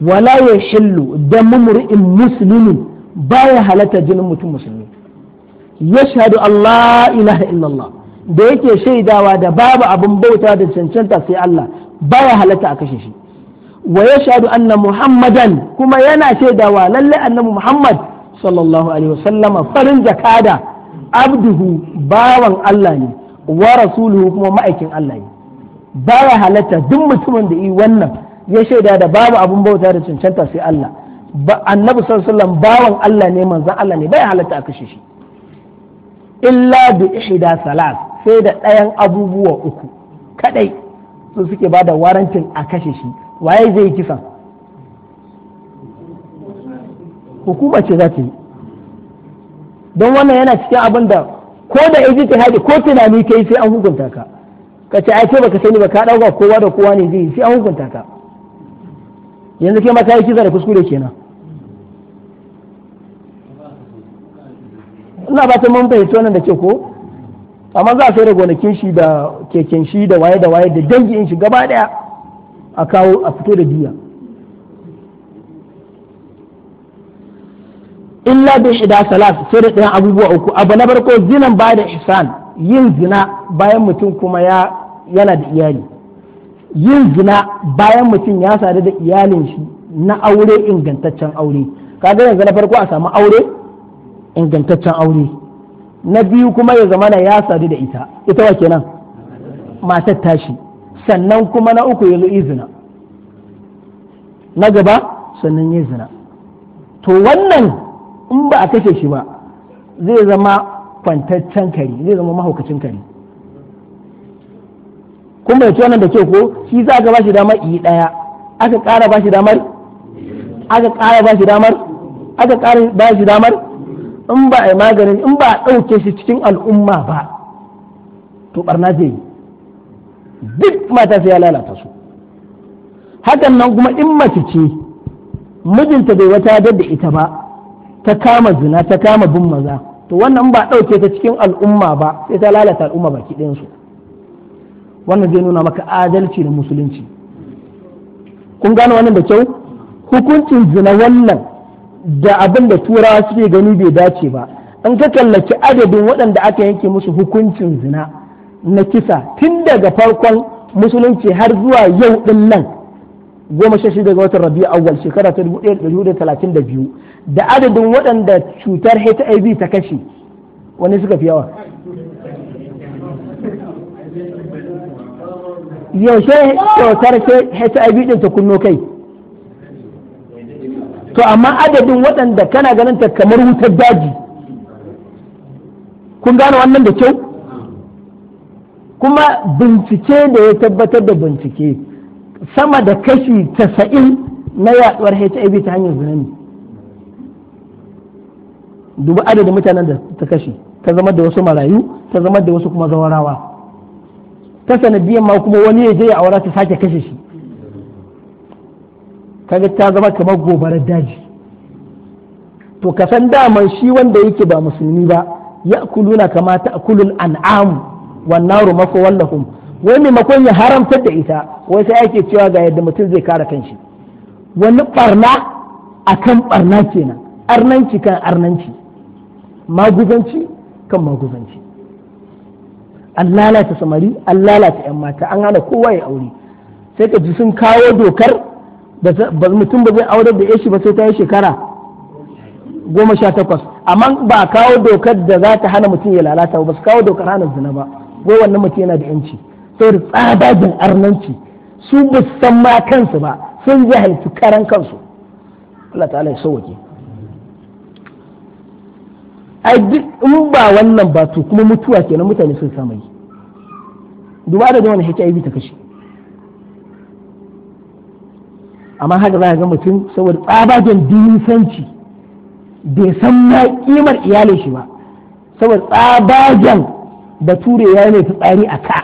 wala ya shillu da mumri'in ba baya halatta jinin mutum musulmi yashhadu Allah ilaha illallah da yake shaidawa da babu abin bauta da cancanta sai Allah baya halatta a kashe shi wa ya shaidu anna muhammadan kuma yana shaidawa lalle annabi muhammad sallallahu alaihi wasallam farin zakada abduhu bawan Allah ne wa rasuluhu kuma ma'aikin Allah ne baya halatta duk mutumin da yi wannan ya shaida da babu abin bauta da cancanta sai Allah annabi sallallahu alaihi wasallam bawan Allah ne manzon Allah ne baya halatta a kashe shi illa bi ihda salas sai da ɗayan abubuwa uku kadai su suke ba da warancin a kashe shi waye zai yi kisan hukuma ce za ta yi don wannan yana cikin abin da ko da ya ta haɗe ko tunani ka yi sai an hukunta ka ka ce ake baka sani ba ka ɗauka kowa da kowa ne zai yi sai an hukunta ka yanzu kai ta yi kisa da kuskure kenan ina ba ta mun fahimci wannan da ke ko amma za a sai da gonakin shi da keken shi da waye da waye da dangin shi gaba daya a kawo a fito da diya illa bi ida salas sai da ɗayan abubuwa uku abu na farko zinan ba da ihsan yin zina bayan mutum kuma ya yana da iyali yin zina bayan mutum ya sadu da iyalin shi na aure ingantaccen aure kaga yanzu na farko a samu aure ingantaccen aure na biyu kuma ya zamana ya sadu da ita ita wa kenan matar tashi sannan kuma na uku ya zo izina na gaba sannan ya zina to wannan in ba a kashe shi ba zai zama kwantaccen kari zai zama mahaukacin kari kun bai wannan da ke ko shi za ka ba shi damar yi ɗaya aka ƙara ba shi damar aka ƙara ba shi damar aka ƙara ba shi damar in ba a yi maganin in ba a ɗauke shi cikin al'umma ba to barna zai yi duk mata sai ya lalata su hakan nan kuma in mace ce mijinta bai wata da ita ba ta kama zina ta kama bin maza to wannan ba a ɗauke ta cikin al'umma ba sai ta lalata al'umma baki ɗayansu wannan zai nuna maka adalci da musulunci kun gano wannan da kyau hukuncin zina wannan da abin da turawa suke gani bai dace ba in ka kallaci adadin waɗanda aka yanke musu hukuncin zina na kisa tun daga farkon musulunci har zuwa yau ɗin nan goma sha shida ga watan rabi'u awwal shekara ta dubu da talatin da biyu da adadin waɗanda cutar hiv ta kashe wani suka fi yawa yaushe kyautar hiv ɗin ta kunno kai to amma adadin waɗanda kana ganin ta kamar wutar daji kun gane wannan da kyau kuma bincike da ya tabbatar da bincike sama da kashi tasa'in na yaduwar hiv ta hanyar zunani duba adadin mutanen da ta kashe ta zama da wasu marayu ta zama da wasu kuma zawarawa ta sanadiyar ma kuma wani ya je ya aura ta sake kashe shi kaga ta zama kamar gobarar daji to ka san daman shi wanda yake ba musulmi ba ya kuluna kama ta kulul an'am wan naru mafawal wai maimakon ya haramtar da ita wai sai ake cewa ga yadda mutum zai kare kanshi wani barna akan barna kenan arnanci kan arnanci maguzanci kan maguzanci an lalata samari an lalata 'yan mata an hana kowa ya aure sai ka ji sun kawo dokar ba mutum ba zai aurar da yashi ba sai ta yi shekara goma sha takwas amma ba kawo dokar da za ta hana mutum ya lalata ba su kawo dokar hana zina ba ko wannan mutum yana da yanci saboda tsadajin arnanci su ba su san ma kansu ba sun jahilci karan kansu Allah ta'ala ya sauwake a in ba wannan ba to kuma mutuwa kenan mutane sun samu yi duba da wani HIV ta kashe amma haka za a ga mutum saboda tsabagen dinsanci bai san ma kimar iyalin shi ba saboda tsabagen bature ya ne tsari a ka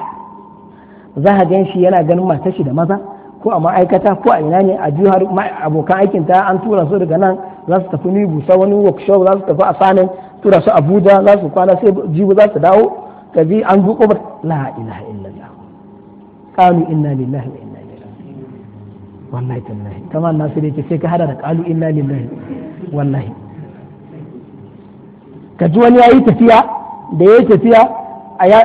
za a gan shi yana ganin matar shi da maza ko a ma'aikata ko a ina ne a jihar abokan aikin ta an tura su daga nan za su tafi nibu sa wani workshop za su tafi a sanin tura su abuja za su kwana sai jibu za su dawo ka bi an zuƙo la ilaha illallah qalu inna lillahi wallahi tallahi kama nasiru sai ka hada da qalu inna lillahi wallahi ka ji wani yayi tafiya da yayi tafiya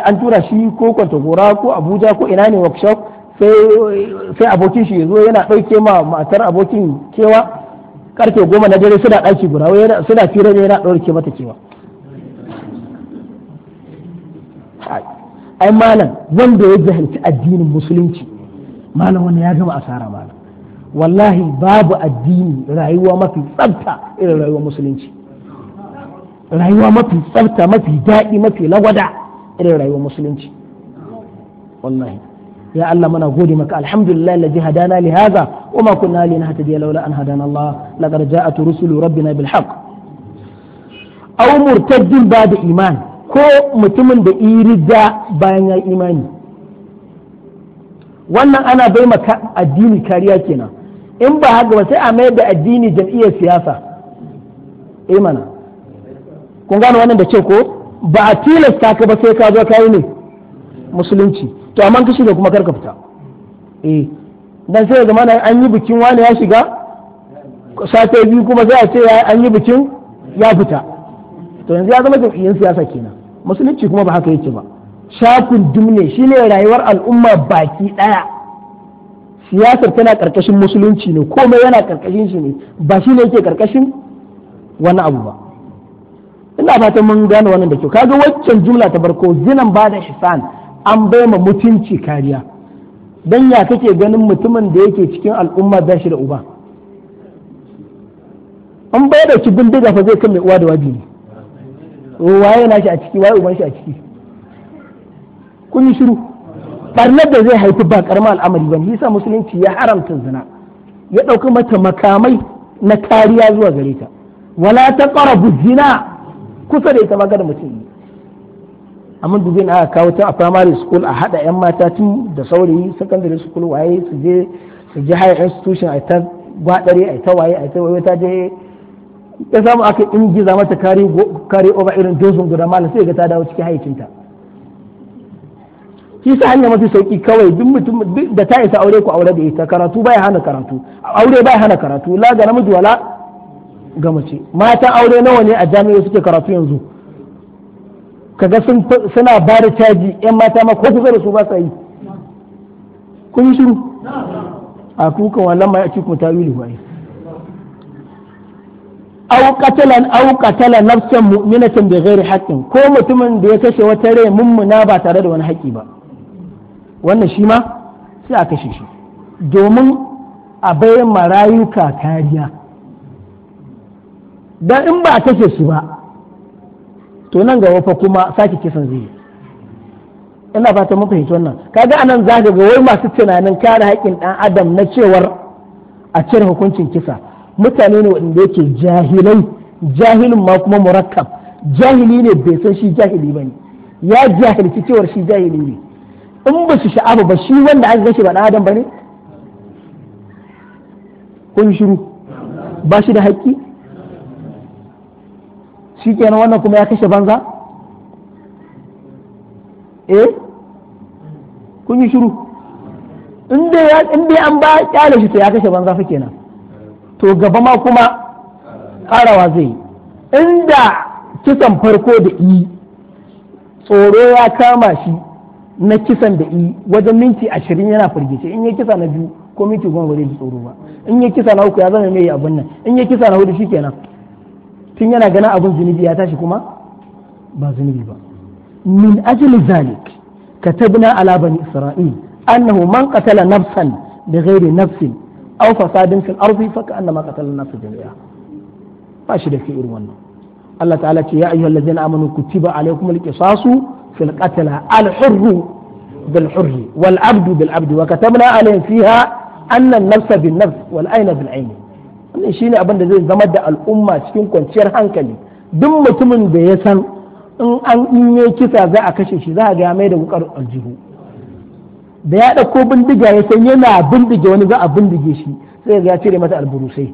an tura shi ko gora ko abuja ko ina ne workshop sai abokin shi zo yana ɗauke ma matar abokin kewa karfe goma na dare suna ɗaki guda suna fira ne yana ɗauke mata kewa ai malam wanda ya jahilci addinin musulunci malam wanda ya gama asara malam wallahi babu addini rayuwa mafi tsafta irin rayuwar musulunci rayuwa mafi tsafta mafi daɗi mafi lagwada irin rayuwar musulunci wallahi ya Allah muna gode maka alhamdulillah alladhi hadana li hadha wa ma kunna linahtadiya laula an hadana Allah laqad ja'at rusulu rabbina bil haqq aw murtaddin ba'da iman ko mutumin da irida bayan ya imani wannan ana bai maka addini kariya kenan in ba haka ba sai a mayar da addini jam'iyyar siyasa imana eh mana kun gane wannan da ce ko ba a tilasta ka ba sai ka zo kai ne musulunci to amma ka shiga kuma karka fita eh dan sai mana an yi bikin wani ya shiga sata biyu kuma sai a ce an yi bikin ya fita to yanzu ya zama jam'iyyar siyasa kenan musulunci kuma ba haka yake ba shafin dumne shine rayuwar al'umma baki daya siyasar tana karkashin musulunci ne komai yana karkashin shi ne ba shi ne yake karkashin wani abu ba ina fatan mun gane wannan da kyau kaga waccan jumla ta barko zinan ba da ihsan an bai ma mutunci kariya dan ya kake ganin mutumin da yake cikin al'umma ba shi da uba an bai da ki bindiga fa zai kai mai uwa da wabi ne waye na shi a ciki waye uban shi a ciki kun shiru barnar da zai haifi ba karamar al'amari ba nisa musulunci ya haramta zina ya ɗauki mata makamai na kariya zuwa gare ta wala ta ƙara zina kusa da ita ma kada mutum yi amma dubin aka kawo ta a primary school a haɗa 'yan mata tun da saurayi secondary school waye su je su je higher institution a ta gwadare a ta waye a ta waye ta je ya samu aka ingiza mata kare over irin dozin guda malam sai ga ta dawo cikin haicinta shi sa hanya mafi sauki kawai duk mutum da ta isa aure ku aure da ita karatu baya hana karatu aure baya hana karatu la ga namiji wala ga mace matan aure nawa ne a jami'o suke karatu yanzu kaga sun suna ba da caji yan mata ma ko kusa da su ba sa yi kun shiru a kuka wallan mai a cikin tawili ba aw qatalan aw qatala nafsan mu'minatan bighairi haqqin ko mutumin da ya kashe wata rai mummuna ba tare da wani haƙƙi ba wannan shi ma sai a kashe shi domin a bai marayuka kariya don in ba a kashe su ba to nan gaba fa kuma sake kisan zai ina fata mun fahimci wannan kaga anan za ga wai masu tunanin kare haƙƙin ɗan adam na cewar a cire hukuncin kisa mutane ne wanda yake jahilai jahilin ma kuma murakkab jahili ne bai san shi jahili ba ne ya jahilci cewar shi jahili ne in ba su sha'aba ba shi wanda aka gashi ba adam ba ne kun shiru ba shi da haƙƙi shi kenan wannan kuma ya kashe banza eh kun yi shiru in dai an ba kyale shi to ya kashe banza fa kenan to gaba ma kuma karawa zai yi inda kisan farko da yi tsoro ya kama shi na kisan da i wajen minti ashirin yana firgice in ya kisa na biyu ko minti goma ba zai ji tsoro ba in ya kisa na uku ya zama mai abin nan in ya kisa na hudu shikenan tun yana gana abin zunubi ya tashi kuma ba zunubi ba min ajli zalik katabna ala bani isra'il annahu man qatala nafsan bighairi nafsin aw fasadin fil ardi fa ka'annama qatala an-nafs jami'a ba shi da ke irin wannan Allah ta'ala ce ya ayyuhallazina amanu kutiba alaykumul qisasu في القتلى الحر بالحر والعبد بالعبد وكتبنا عليهم فيها أن النفس بالنفس والعين بالعين wannan shine abin da zai zama da al'umma cikin kwanciyar hankali duk mutumin da ya san in an in kisa za a kashe shi za a ga mai da wukar aljihu da ya dauko bindiga ya san yana bindige wani za a bindige shi sai ya cire mata alburusai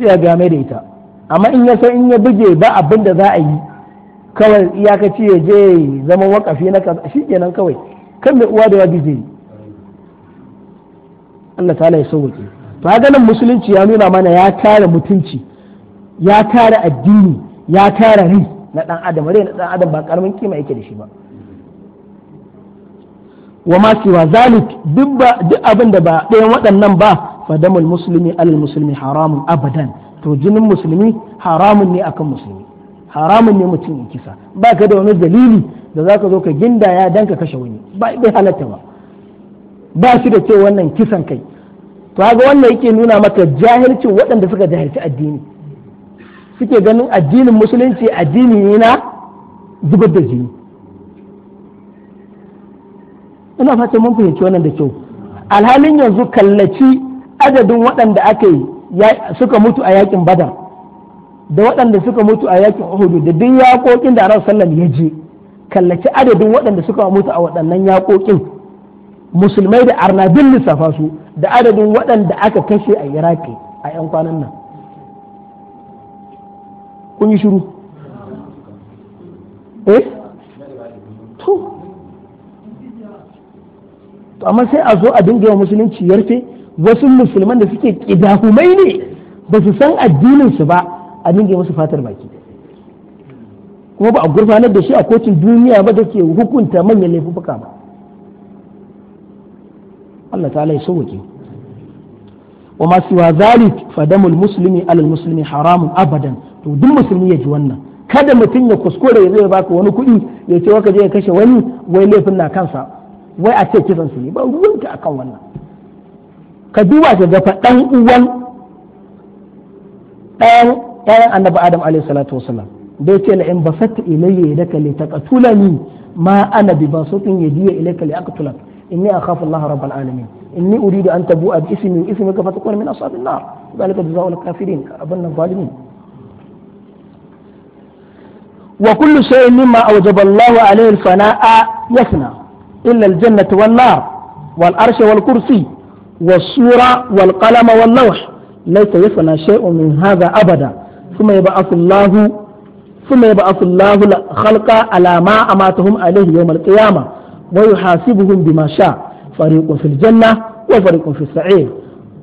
sai ya ga mai da ita amma in ya san in ya buge ba abin da za a yi kawai iyakaci ya je zama wakafi na kaza shi kenan kawai kan mai uwa da wabi zai Allah ta'ala ya sauke to haka musulunci ya nuna mana ya tara mutunci ya tara addini ya tara ri na dan adam rai na dan adam ba karamin kima yake da shi ba wa ma siwa zalik duk abin da ba ɗayan waɗannan ba fadamul musulmi alal muslimi haramun abadan to jinin musulmi haramun ne akan musulmi haramun ne mutum ya kisa ba ka da wani dalili da za ka zo ka gindaya dan ka kashe wani ba bai halatta ba ba shi da ce wannan kisan kai to ga wannan yake nuna maka jahilcin waɗanda suka jahilci addini suke ganin addinin musulunci addini ne na zubar da jini ina fata mun fahimci wannan da kyau alhalin yanzu kallaci adadin waɗanda aka yi suka mutu a yakin badar da waɗanda suka mutu a yakin Uhudu, da duk yaƙoƙin da Annabi sallallahu ya je kallaci adadin waɗanda suka mutu a waɗannan yaƙoƙin musulmai da arna lissafa su da adadin waɗanda aka kashe a Iraki a 'yan kwanan nan kun yi shiru eh to to amma sai a zo a dinga yawan musulunci yarfe wasu musulman da suke kidahumai ne ba su san addinin su ba a dinga musu fatar baki kuma ba a gurfanar da shi a kotun duniya ba da ke hukunta manyan laifuka ba Allah ta ya sauke wa ma siwa zalik fa muslimi alal muslimi haramun abadan to duk musulmi ya ji wannan kada mutum ya kuskure ya zai baka wani kuɗi ya ce waka je ya kashe wani wai laifin na kansa wai a ce kisan su ne ba ruwanka akan wannan ka duba ka ga ɗan uwan dan ƴaƴan annabi adam alayhi salatu wasalam dai ce la in basatta ilayya yadaka li taqtulani ma ana bi basatin yadiya ilayka li aqtulak inni akhafu Allah rabbal alamin inni uridu an tabu'a bi ismi wa ismika fatakuna min ashabin nar jazaa'u al kafirin abanna zalimin wa ذلك جزاء الكافرين أبن الظالمين وكل شيء مما أوجب الله عليه الفناء يفنى إلا الجنة والنار والأرش والكرسي والصورة والقلم واللوح ليس يفنى شيء من هذا أبدا ثم يبعث الله ثم يبعث الله الخلق على ما أماتهم عليه يوم القيامة ويحاسبهم بما شاء فريق في الجنة وفريق في السعير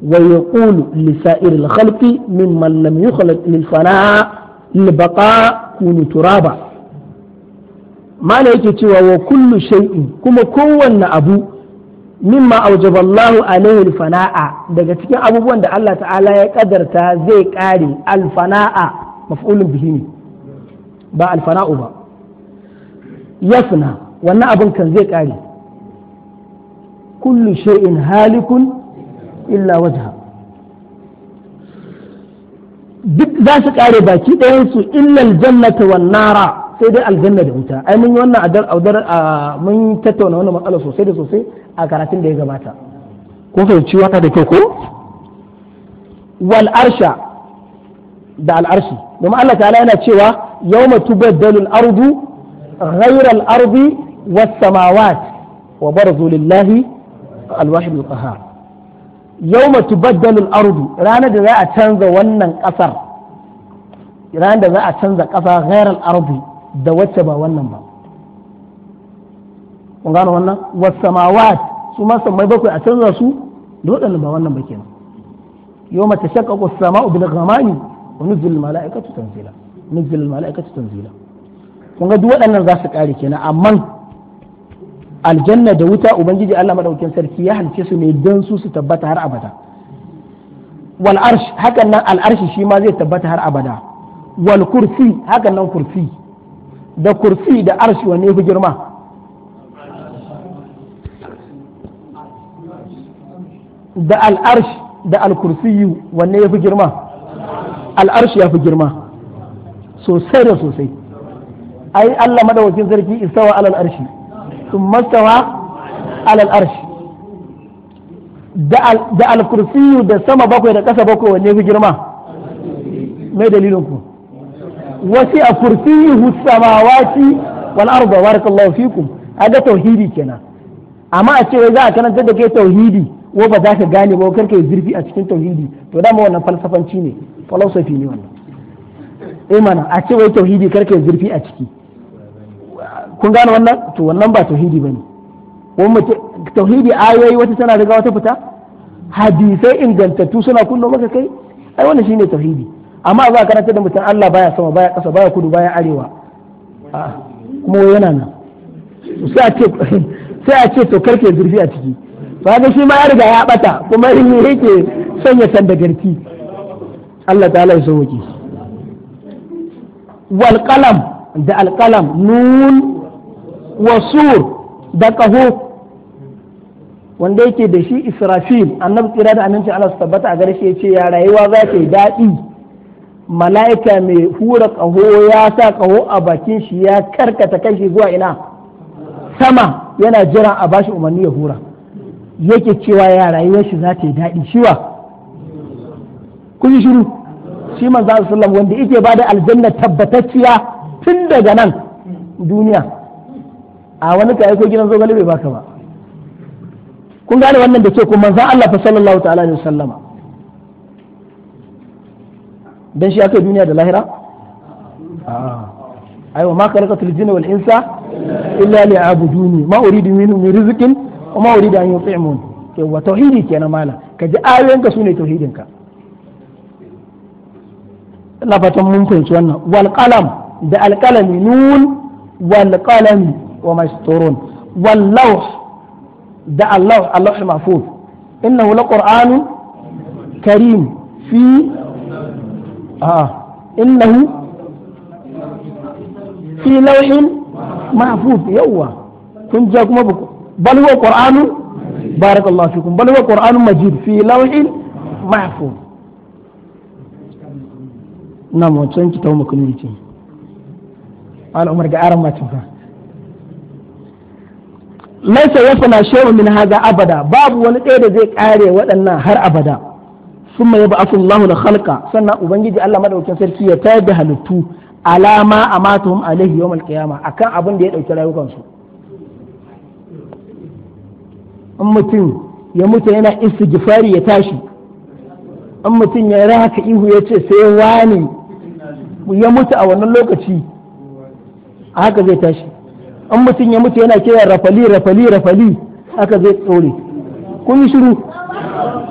ويقول لسائر الخلق ممن لم يخلق للفناء للبقاء كونوا ترابا ما لا يكتوى وكل شيء كما كون أبو mimma aujaballahu alaihi alfana'a daga cikin abubuwan da Allah ta'ala ya kadarta zai kare alfana'a maf'ulun bihi ne ba alfana'u ba yasna wannan abin kan zai kare kullu shay'in halikun illa wajha duk za su kare baki ɗayan su illa aljannata wan nara sai dai aljanna da wuta ai mun yi wannan mun tattauna wannan matsala sosai da sosai a karatun da ya gabata kun fahimci wata da kyau ko wal arsha da al arshi domin Allah ta'ala yana cewa yawma tubaddalu al ardu ghayra al ardi was samawat wa barzu lillahi al wahid al qahar yawma tubaddalu al ardu ranar da za a canza wannan kasar ranar da za a canza kasa ghayra al ardi da wacce ba wannan ba kun gano wannan wasamawat su ma sammai bakwai a canza su da waɗannan ba wannan ba kenan yau mata shakka ko sama'u bil ghamami wa nuzul mala'ikatu tanzila nuzul mala'ikatu tanzila kun ga duk waɗannan za su ƙare kenan amma aljanna da wuta ubangiji Allah madaukakin sarki ya halice su ne don su su tabbata har abada wal arsh hakan nan al arsh shi ma zai tabbata har abada wal kursi hakan nan kursi da kursi da arshi wanne fi girma da al'arsh da al-kursiyu wanne ya fi girma al'arsh ya fi girma sosai da sosai ai Allah madawacin sarki istawa alal arshi sun mastawa alal arshi da al-kursiyu da sama bakwai da ƙasa bakwai wanne ya fi girma mai dalilin ku wasi a kursiyuhu samawati wal arda barakallahu fikum aga tauhidi kenan amma a ce za a karanta da kai tauhidi ko ba za ka gane ba kar ka yi zurfi a cikin tauhidi to dama wannan falsafanci ne falsafi ne wannan eh mana a ce wai tauhidi kar ka yi zurfi a ciki kun gane wannan to wannan ba tauhidi bane wani tauhidi ayoyi wata tana riga wata fita hadisai ingantattu suna kullo maka kai ai wannan shine tauhidi amma za ka karanta da mutum Allah baya sama baya ƙasa baya kudu baya arewa kuma yana nan [LAUGHS] sai a ce to karke zurfi a ciki kaga shi ma ya riga ya bata kuma in yake son ya san da garki Allah ta'ala ya sauke wal qalam da al qalam nun wasur da qahu wanda yake da shi israfil annabi tsira da aminci Allah su tabbata a gare shi yace ya rayuwa za ta yi daɗi mala'ika mai hura ƙaho ya sa ƙaho a bakin shi ya karkata shi zuwa ina sama yana jiran a bashi umarni ya hura yake cewa ya rayuwar shi za ta yi daɗi shiwa kun yi shiru shi manzo sallallahu wanda yake ba da aljanna tabbatacciya tun daga nan duniya a wani ka ko gidan zogale bai baka ba kun gane wannan da ke kuma manzo Allah fa sallallahu ta'ala alaihi wasallama dan shi aka duniya da lahira aiwa ma khalaqatul jinna wal insa illa liya'buduni ma uridu minhum min rizqin وما أريد أن يطعمون وتوحيدك أنا مالا كجاء آيانك سوني توحيدك لفة ممكن سوانا والقلم ذا القلم نون والقلم وما يسترون واللوح ذا اللوح اللوح المحفوظ إنه لقرآن كريم في آه إنه في لوح محفوظ يوه كنت جاكم أبوكم bal huwa qur'anun barakallahu fikum bal huwa qur'anun majid fi lawhin mahfuz na wancan ki tawo mukumin ce al'umar ga aran macin fa laisa yafna min hadha abada babu wani ɗaya da zai kare waɗannan har abada summa yab'athu Allahu la khalqa sannan ubangiji Allah madaukakin sarki ya tayar da halittu alama a alaihi yawm al-qiyamah akan abin da ya dauki rayukansu in mutum ya mutu yana istighfari ya tashi in mutum ya raka ihu ya ce sai wani ya mutu a wannan lokaci a haka zai tashi in mutum ya mutu yana kira rafali rafali rafali haka zai tsore kun yi shiru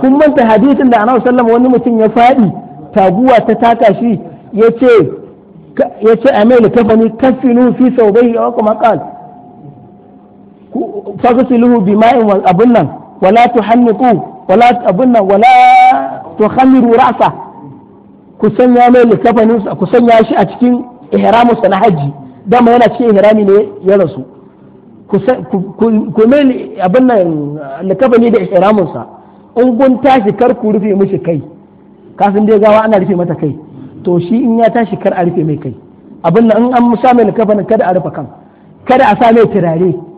kun manta hadisin da annabi sallallahu wani mutum ya faɗi taguwa ta taka shi ya ce a mai likafani kafinu fi bai ya waka makal fagsiluhu bima'in wal abun nan wala tu tuhanniqu wala abun nan wala tu tuhammiru ra'sa ku sanya mai likafanin ku sanya shi a cikin ihramu sa na haji dama yana cikin ihrami ne ya rasu ku mai abin nan likafani da ihramun sa in kun tashi kar ku rufe mishi kai kasan dai gawa ana rufe mata kai to shi in ya tashi kar a rufe mai kai abin nan in an sa mai likafanin kada a rufe kan kada a sa mai turare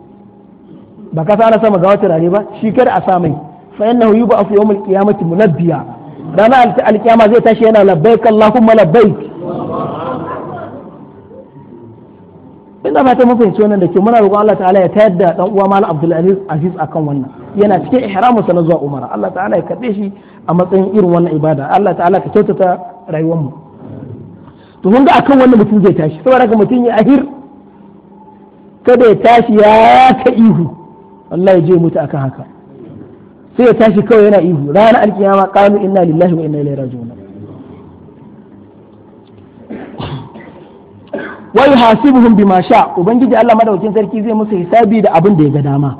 ba ka sa sama ga wata rare ba shi kar a sa mai fa innahu yub'athu yawm al-qiyamati munabbiya ranar al-qiyama zai tashi yana labbaik allahumma labbaik ina fata mun fahimci wannan da ke muna roƙon Allah ta'ala ya tayar da dan uwa malam Abdul Aziz Aziz akan wannan yana cikin ihramu sa na zuwa Umara Allah ta'ala ya karbe shi a matsayin irin wannan ibada Allah ta'ala ka kyautata rayuwar mu to kun ga akan wannan mutum zai tashi saboda ga mutum ya ahir kada ya tashi ya ta ihu Allah ya je mutu akan haka sai ya tashi kawai yana ihu rana alkiyama qalu inna lillahi wa inna ilaihi raji'un wa yuhasibuhum bima sha ubangiji Allah madaukin sarki zai musu hisabi da abin da ya ga dama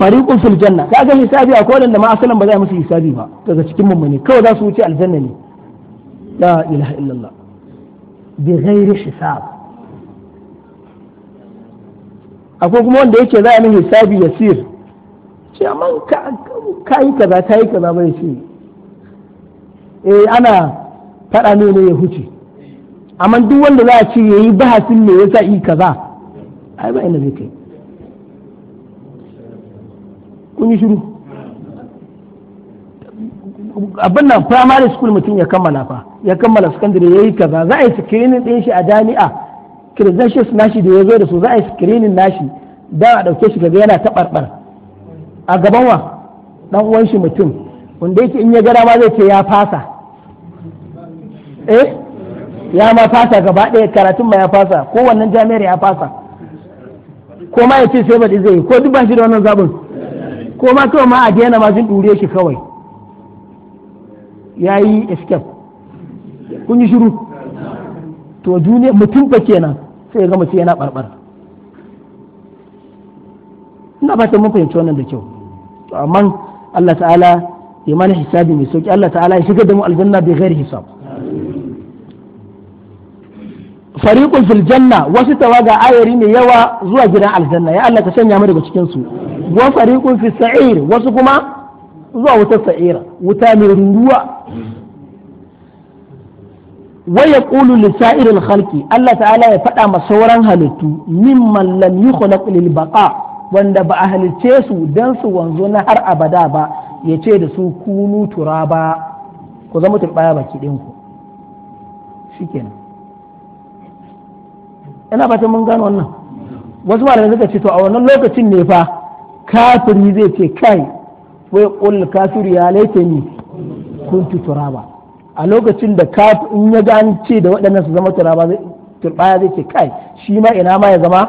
fariqun fil janna kaga hisabi a akwai da ma asalan ba za musu hisabi ba daga cikin mummuni kawai za su wuce aljanna ne la ilaha illallah bi ghairi hisab akwai kuma wanda yake za a min hisabi ya sir ce amma ka yi kaza ta yi kaza bai ce eh ana faɗa ne ne ya huce amma duk wanda za a ce ya yi bahasin ne ya sa yi kaza ai ba inda zai kai kun yi shiru abin nan primary school mutum ya kammala fa ya kammala secondary ya yi kaza za a yi sikainin ɗin shi a jami'a credentials nashi da ya zo da su za a yi screening nashi da a ɗauke shi kaga yana taɓarɓar a gaban wa ɗan uwan shi mutum wanda yake in ya gara ma zai ce ya fasa eh ya ma fasa gaba ɗaya karatun ma ya fasa ko wannan jami'ar ya fasa ko ma ya ce sai baɗi zai ko duk ba shi da wannan zaɓin ko ma kawai ma a daina ma jin ɗure shi kawai ya yi escape kun yi shiru to duniya mutum fa kenan sai ya ga mace yana barbar ina ba mun fahimci wannan da kyau to amma Allah ta'ala ya mana hisabi mai sauki Allah ta'ala ya shiga da mu aljanna bi ghairi hisab fariqun fil janna wasu tawaga ayari mai yawa zuwa gidan aljanna ya Allah ka sanya mu daga cikin su wa fariqun fis sa'ir wasu kuma zuwa wutar sa'ira wuta mai ruwa waya ƙulu li sa'iril halki, Allah ta'ala ya faɗa ma sauran halittu mimman lam yukhlaq lil wanda ba a halicce su dan su wanzo na har abada ba ya ce da su kunu tura ba ku zama turbaya baki ɗin ku ina fatan mun gano wannan wasu da suka ce to a wannan lokacin ne fa kafiri zai ce kai wai qul kafiru ya laifin kuntu turaba a lokacin da ka in ya gani ce da waɗannan su zama turaba zai turbaya zai ce kai shi ma ina ma ya zama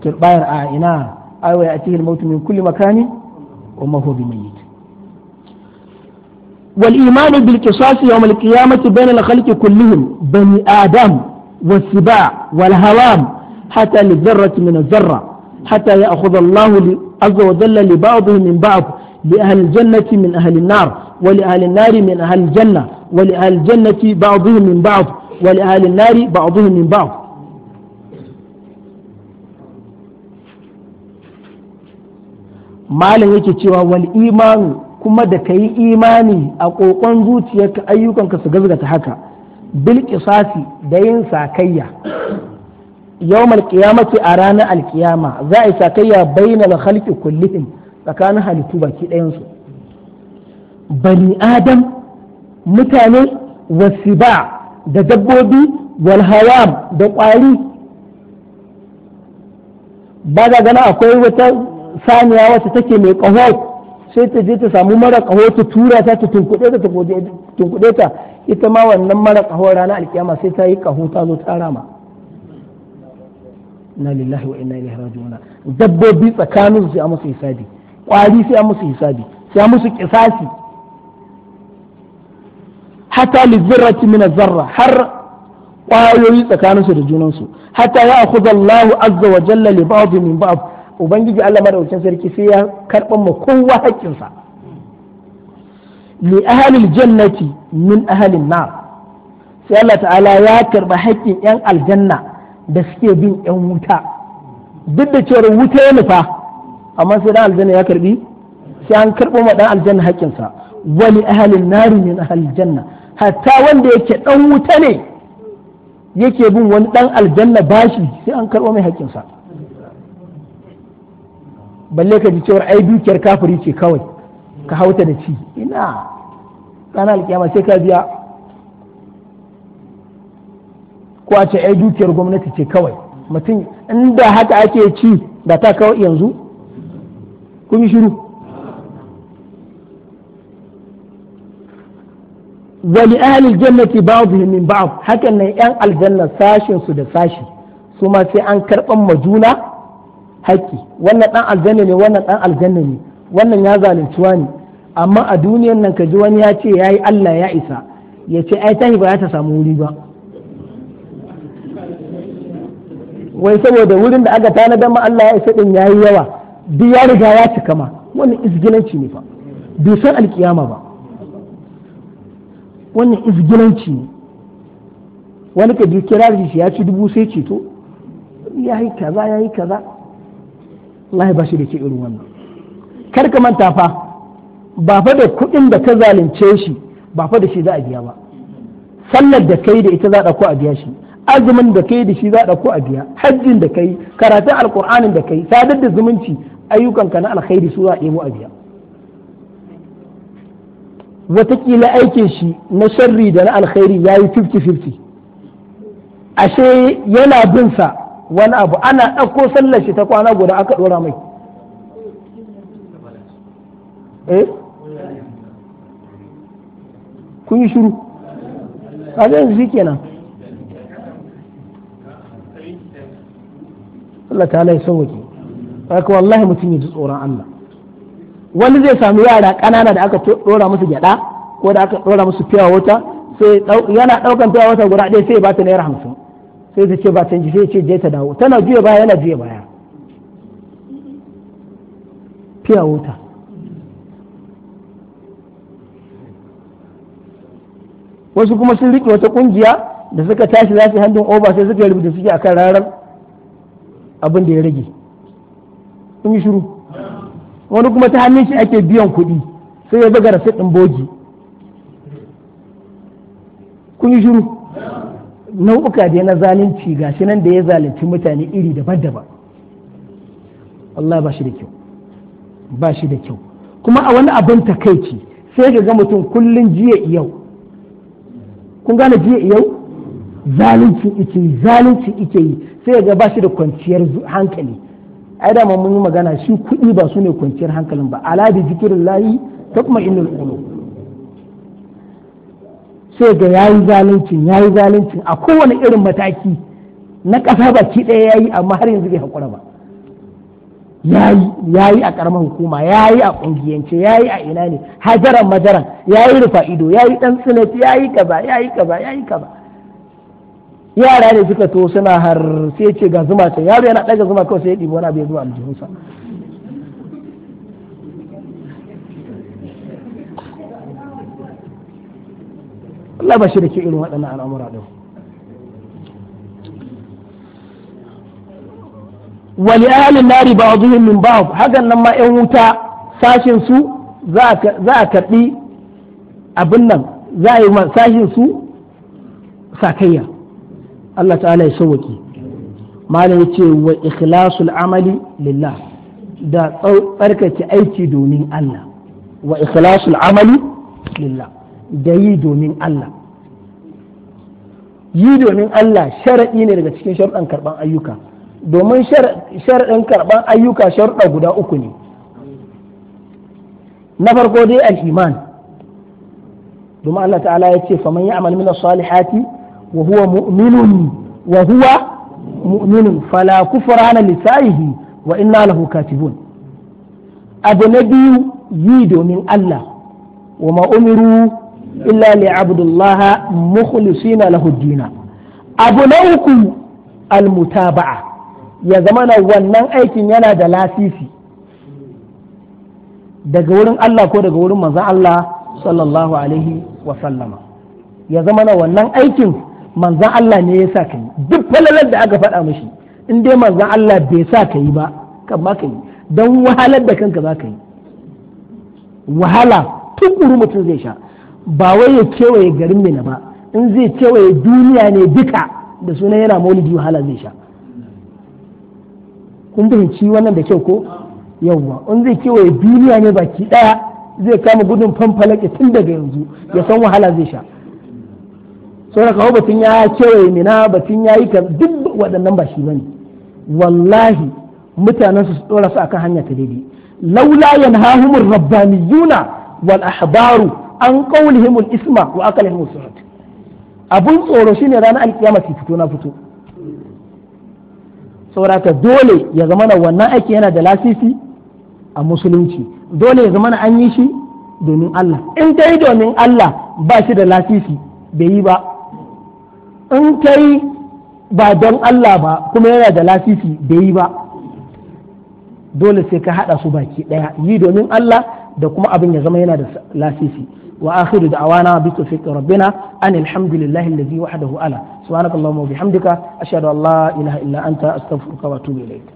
turbayar a ina aiwa a cikin mautu min kulli makani wa ma huwa bimayyit wal iman bil qisas yawm al qiyamati bayna al khalqi kullihim bani adam والسباع والهوام حتى للذرة من الذرة حتى يأخذ الله عز وجل لبعضهم من ba. لأهل الجنة من أهل النار ولأهل النار من أهل الجنة ولأهل الجنة بعضهم من بعض ولأهل النار بعضهم من بعض malam yake cewa wal imanu kuma da ka yi imani a ƙoƙon zuciyarka ayyukanka su gazgata haka bil kisasi da yin sakayya yawmal qiyamati a ranar alƙiyama, za a yi sakayya bainal khalqi kullihim tsakanin halittu baki ɗayansu bani adam mutane wasu ba da dabbobi walhawam da ƙwari ba da gana akwai wata saniya wacce take mai ƙaho sai ta je ta samu mara ƙaho ta tura ta ta tunkuɗe ta ita ma wannan mara ƙaho rana alkiyama sai ta yi ƙaho ta zo ta rama na lillahi wa inna ilaihi raji'un dabbobi tsakanin su a musu hisabi kwari sai an musu hisabi sai an musu kisasi hatta li zirrati min zarra har kwayoyi tsakaninsu da junansu hatta ya akhudha Allahu azza wa jalla li ba'd min ba'd ubangiji Allah madaukakin sarki sai ya karban ma kowa haƙƙinsa li ahli jannati min ahli nar sai Allah ta'ala ya karba haƙƙin yan aljanna da suke bin yan wuta duk da cewar wuta ya nufa amma sai dan aljanna ya karbi sai an karbo ma dan aljanna haƙƙinsa wani ahalin nari min ahalin janna hatta wanda yake dan wuta ne yake bin wani dan aljanna bashi sai an karbo mai haƙƙinsa balle ka ji cewar ai dukiyar kafiri ce kawai ka hauta da ci ina ranar alƙiyama sai ka biya ko a ce ai dukiyar gwamnati ce kawai mutum inda haka ake ci da ta kawai yanzu kun yi shiru wani ahli jannati ba'dhum min ba'd hakan nan yan aljanna sashin su da sashi su ma sai an karɓan majuna haƙƙi wannan ɗan aljanna ne wannan ɗan aljanna ne wannan ya zalunci wani amma a duniyan nan ka ji wani ya ce ya yi Allah ya isa ya ce ai tahi ba ya ta samu wuri ba wai saboda wurin da aka tanadar ma Allah ya isa din yi yawa duk ya riga ya cika ma wannan izgilanci ne fa bai san alkiyama ba wannan izgilanci ne wani ka kira shi ya ci dubu sai ceto ya yi kaza ya yi kaza Allah ba shi da ke irin wannan kar ka manta fa ba fa da kuɗin da ka zalunce shi ba fa da shi za a biya ba sallar da kai da ita za a ko a biya shi azumin da kai da shi za a ko a biya hajjin da kai karatun alkur'anin da kai sadar da zumunci ayyukanka na alkhairi su za a mu a biya watakila aikin shi na sharri da na alkhairi ya yi 50-50 ashe yana bin sa wani abu ana ɗauko sallar shi ta kwana guda aka ɗora mai eh kun yi shiru kaga yanzu kenan Allah ta haka wallahi mutum ya ji tsoron Allah wani zai samu yara ƙanana da aka ɗora musu gyaɗa ko da aka ɗora musu fiya wata sai yana ɗaukan fiya wata guda ɗaya sai ba ta naira hamsin sai ta ce ba canji sai ce je ta dawo tana juya baya yana juya baya fiya wata wasu kuma sun riƙe wata ƙungiya da suka tashi za su handin over sai suka rubuta suke akan ranar abin da ya rage kun yi shiru wani kuma ta hannun shi ake biyan kuɗi sai ya buga rasit ɗin bogi kun yi shiru nau'uka da na zalunci ga shi nan da ya zalunci mutane iri daban-daban Allah ba shi da kyau ba shi da kyau kuma a wani abin takaici sai ga mutum kullum jiya yau kun gane jiya yau zalunci ike yi zalunci ike yi sai ga ba shi da kwanciyar hankali ai da mun yi magana shi kuɗi ba su ne kwanciyar hankalin ba ala bi kuma tatma'innul qulub sai ga ya yayi zaluncin yi zaluncin a kowane irin mataki na ƙasa baki ɗaya ya yi amma har yanzu bai haƙura ba Ya yi a karamar hukuma ya yi a ƙungiyance ya yi a ina ne hajaran majaran ya yi rufa ido yayi dan ya yayi kaza yayi kaza yi kaza yara ne suka to suna har sai ce ga zuma ce yaro yana ɗaga zuma kawai sai ya ɗibi wani abu ya zuwa aljihunsa Allah ba shi da ke irin waɗannan al'amura ɗin wali ahalin nari ba zuhin min ba hagan nan ma 'yan wuta sashin su za a karɓi abin nan za a yi sashin su sakayya Allah ta'ala ya sauwaki malam ya ce wa ikhlasul amali lillah da tsarkake aiki domin Allah wa ikhlasul amali lillah da yi domin Allah yi domin Allah sharaɗi ne daga cikin sharɗan karɓan ayyuka domin sharaɗin karɓan ayyuka sharɗa guda uku ne na farko dai al-iman domin Allah ta'ala ya ce faman ya'mal min as-salihati wa huwa mu'minun wa huwa mu'minun fala kufrana lisaihi wa inna lahu katibun abu na biyu yi domin Allah wa ma umiru illa li abdullah mukhlisina lahu dina abu na uku almutaba'a ya zama na wannan aikin yana da lasisi daga wurin Allah ko daga wurin manzon Allah sallallahu alaihi wa sallama ya zama na wannan aikin manzan Allah ne ya sa ka yi duk falalar da aka faɗa mashi in dai manzan Allah bai sa ka yi ba kan ma ka yi don wahalar da kanka za ka yi wahala tukuru mutum zai sha ba wai ya kewaye garin mina ba in zai kewaye duniya ne duka da suna yana maulidi wahala zai sha kun fahimci wannan da kyau ko yawwa in zai kewaye duniya ne baki ɗaya zai kama gudun fanfalake tun daga yanzu ya san wahala zai sha da kawo batun ya kewaye mina batun ya yi kan duk waɗannan ba shi bane wallahi mutanen su ɗora su akan hanya ta daidai laula rabbani yuna wal ahbaru an qawlihim al isma wa aqlihim surat abun tsoro shi shine ranar alkiyama su fito na fito sauraka dole ya zama na wannan aiki yana da lasisi a musulunci dole ya zama na an yi shi domin Allah in dai domin Allah ba shi da lasisi bai yi ba in kai ba don Allah ba kuma yana da lasisi da yi ba dole sai ka haɗa su baki ɗaya yi domin Allah da kuma abin ya zama yana da lasisi wa akhiru da'wana bi tawfiqi rabbina an alhamdulillahi alladhi wahdahu ala subhanakallahumma wa bihamdika ashhadu an la ilaha illa anta astaghfiruka wa atubu ilayk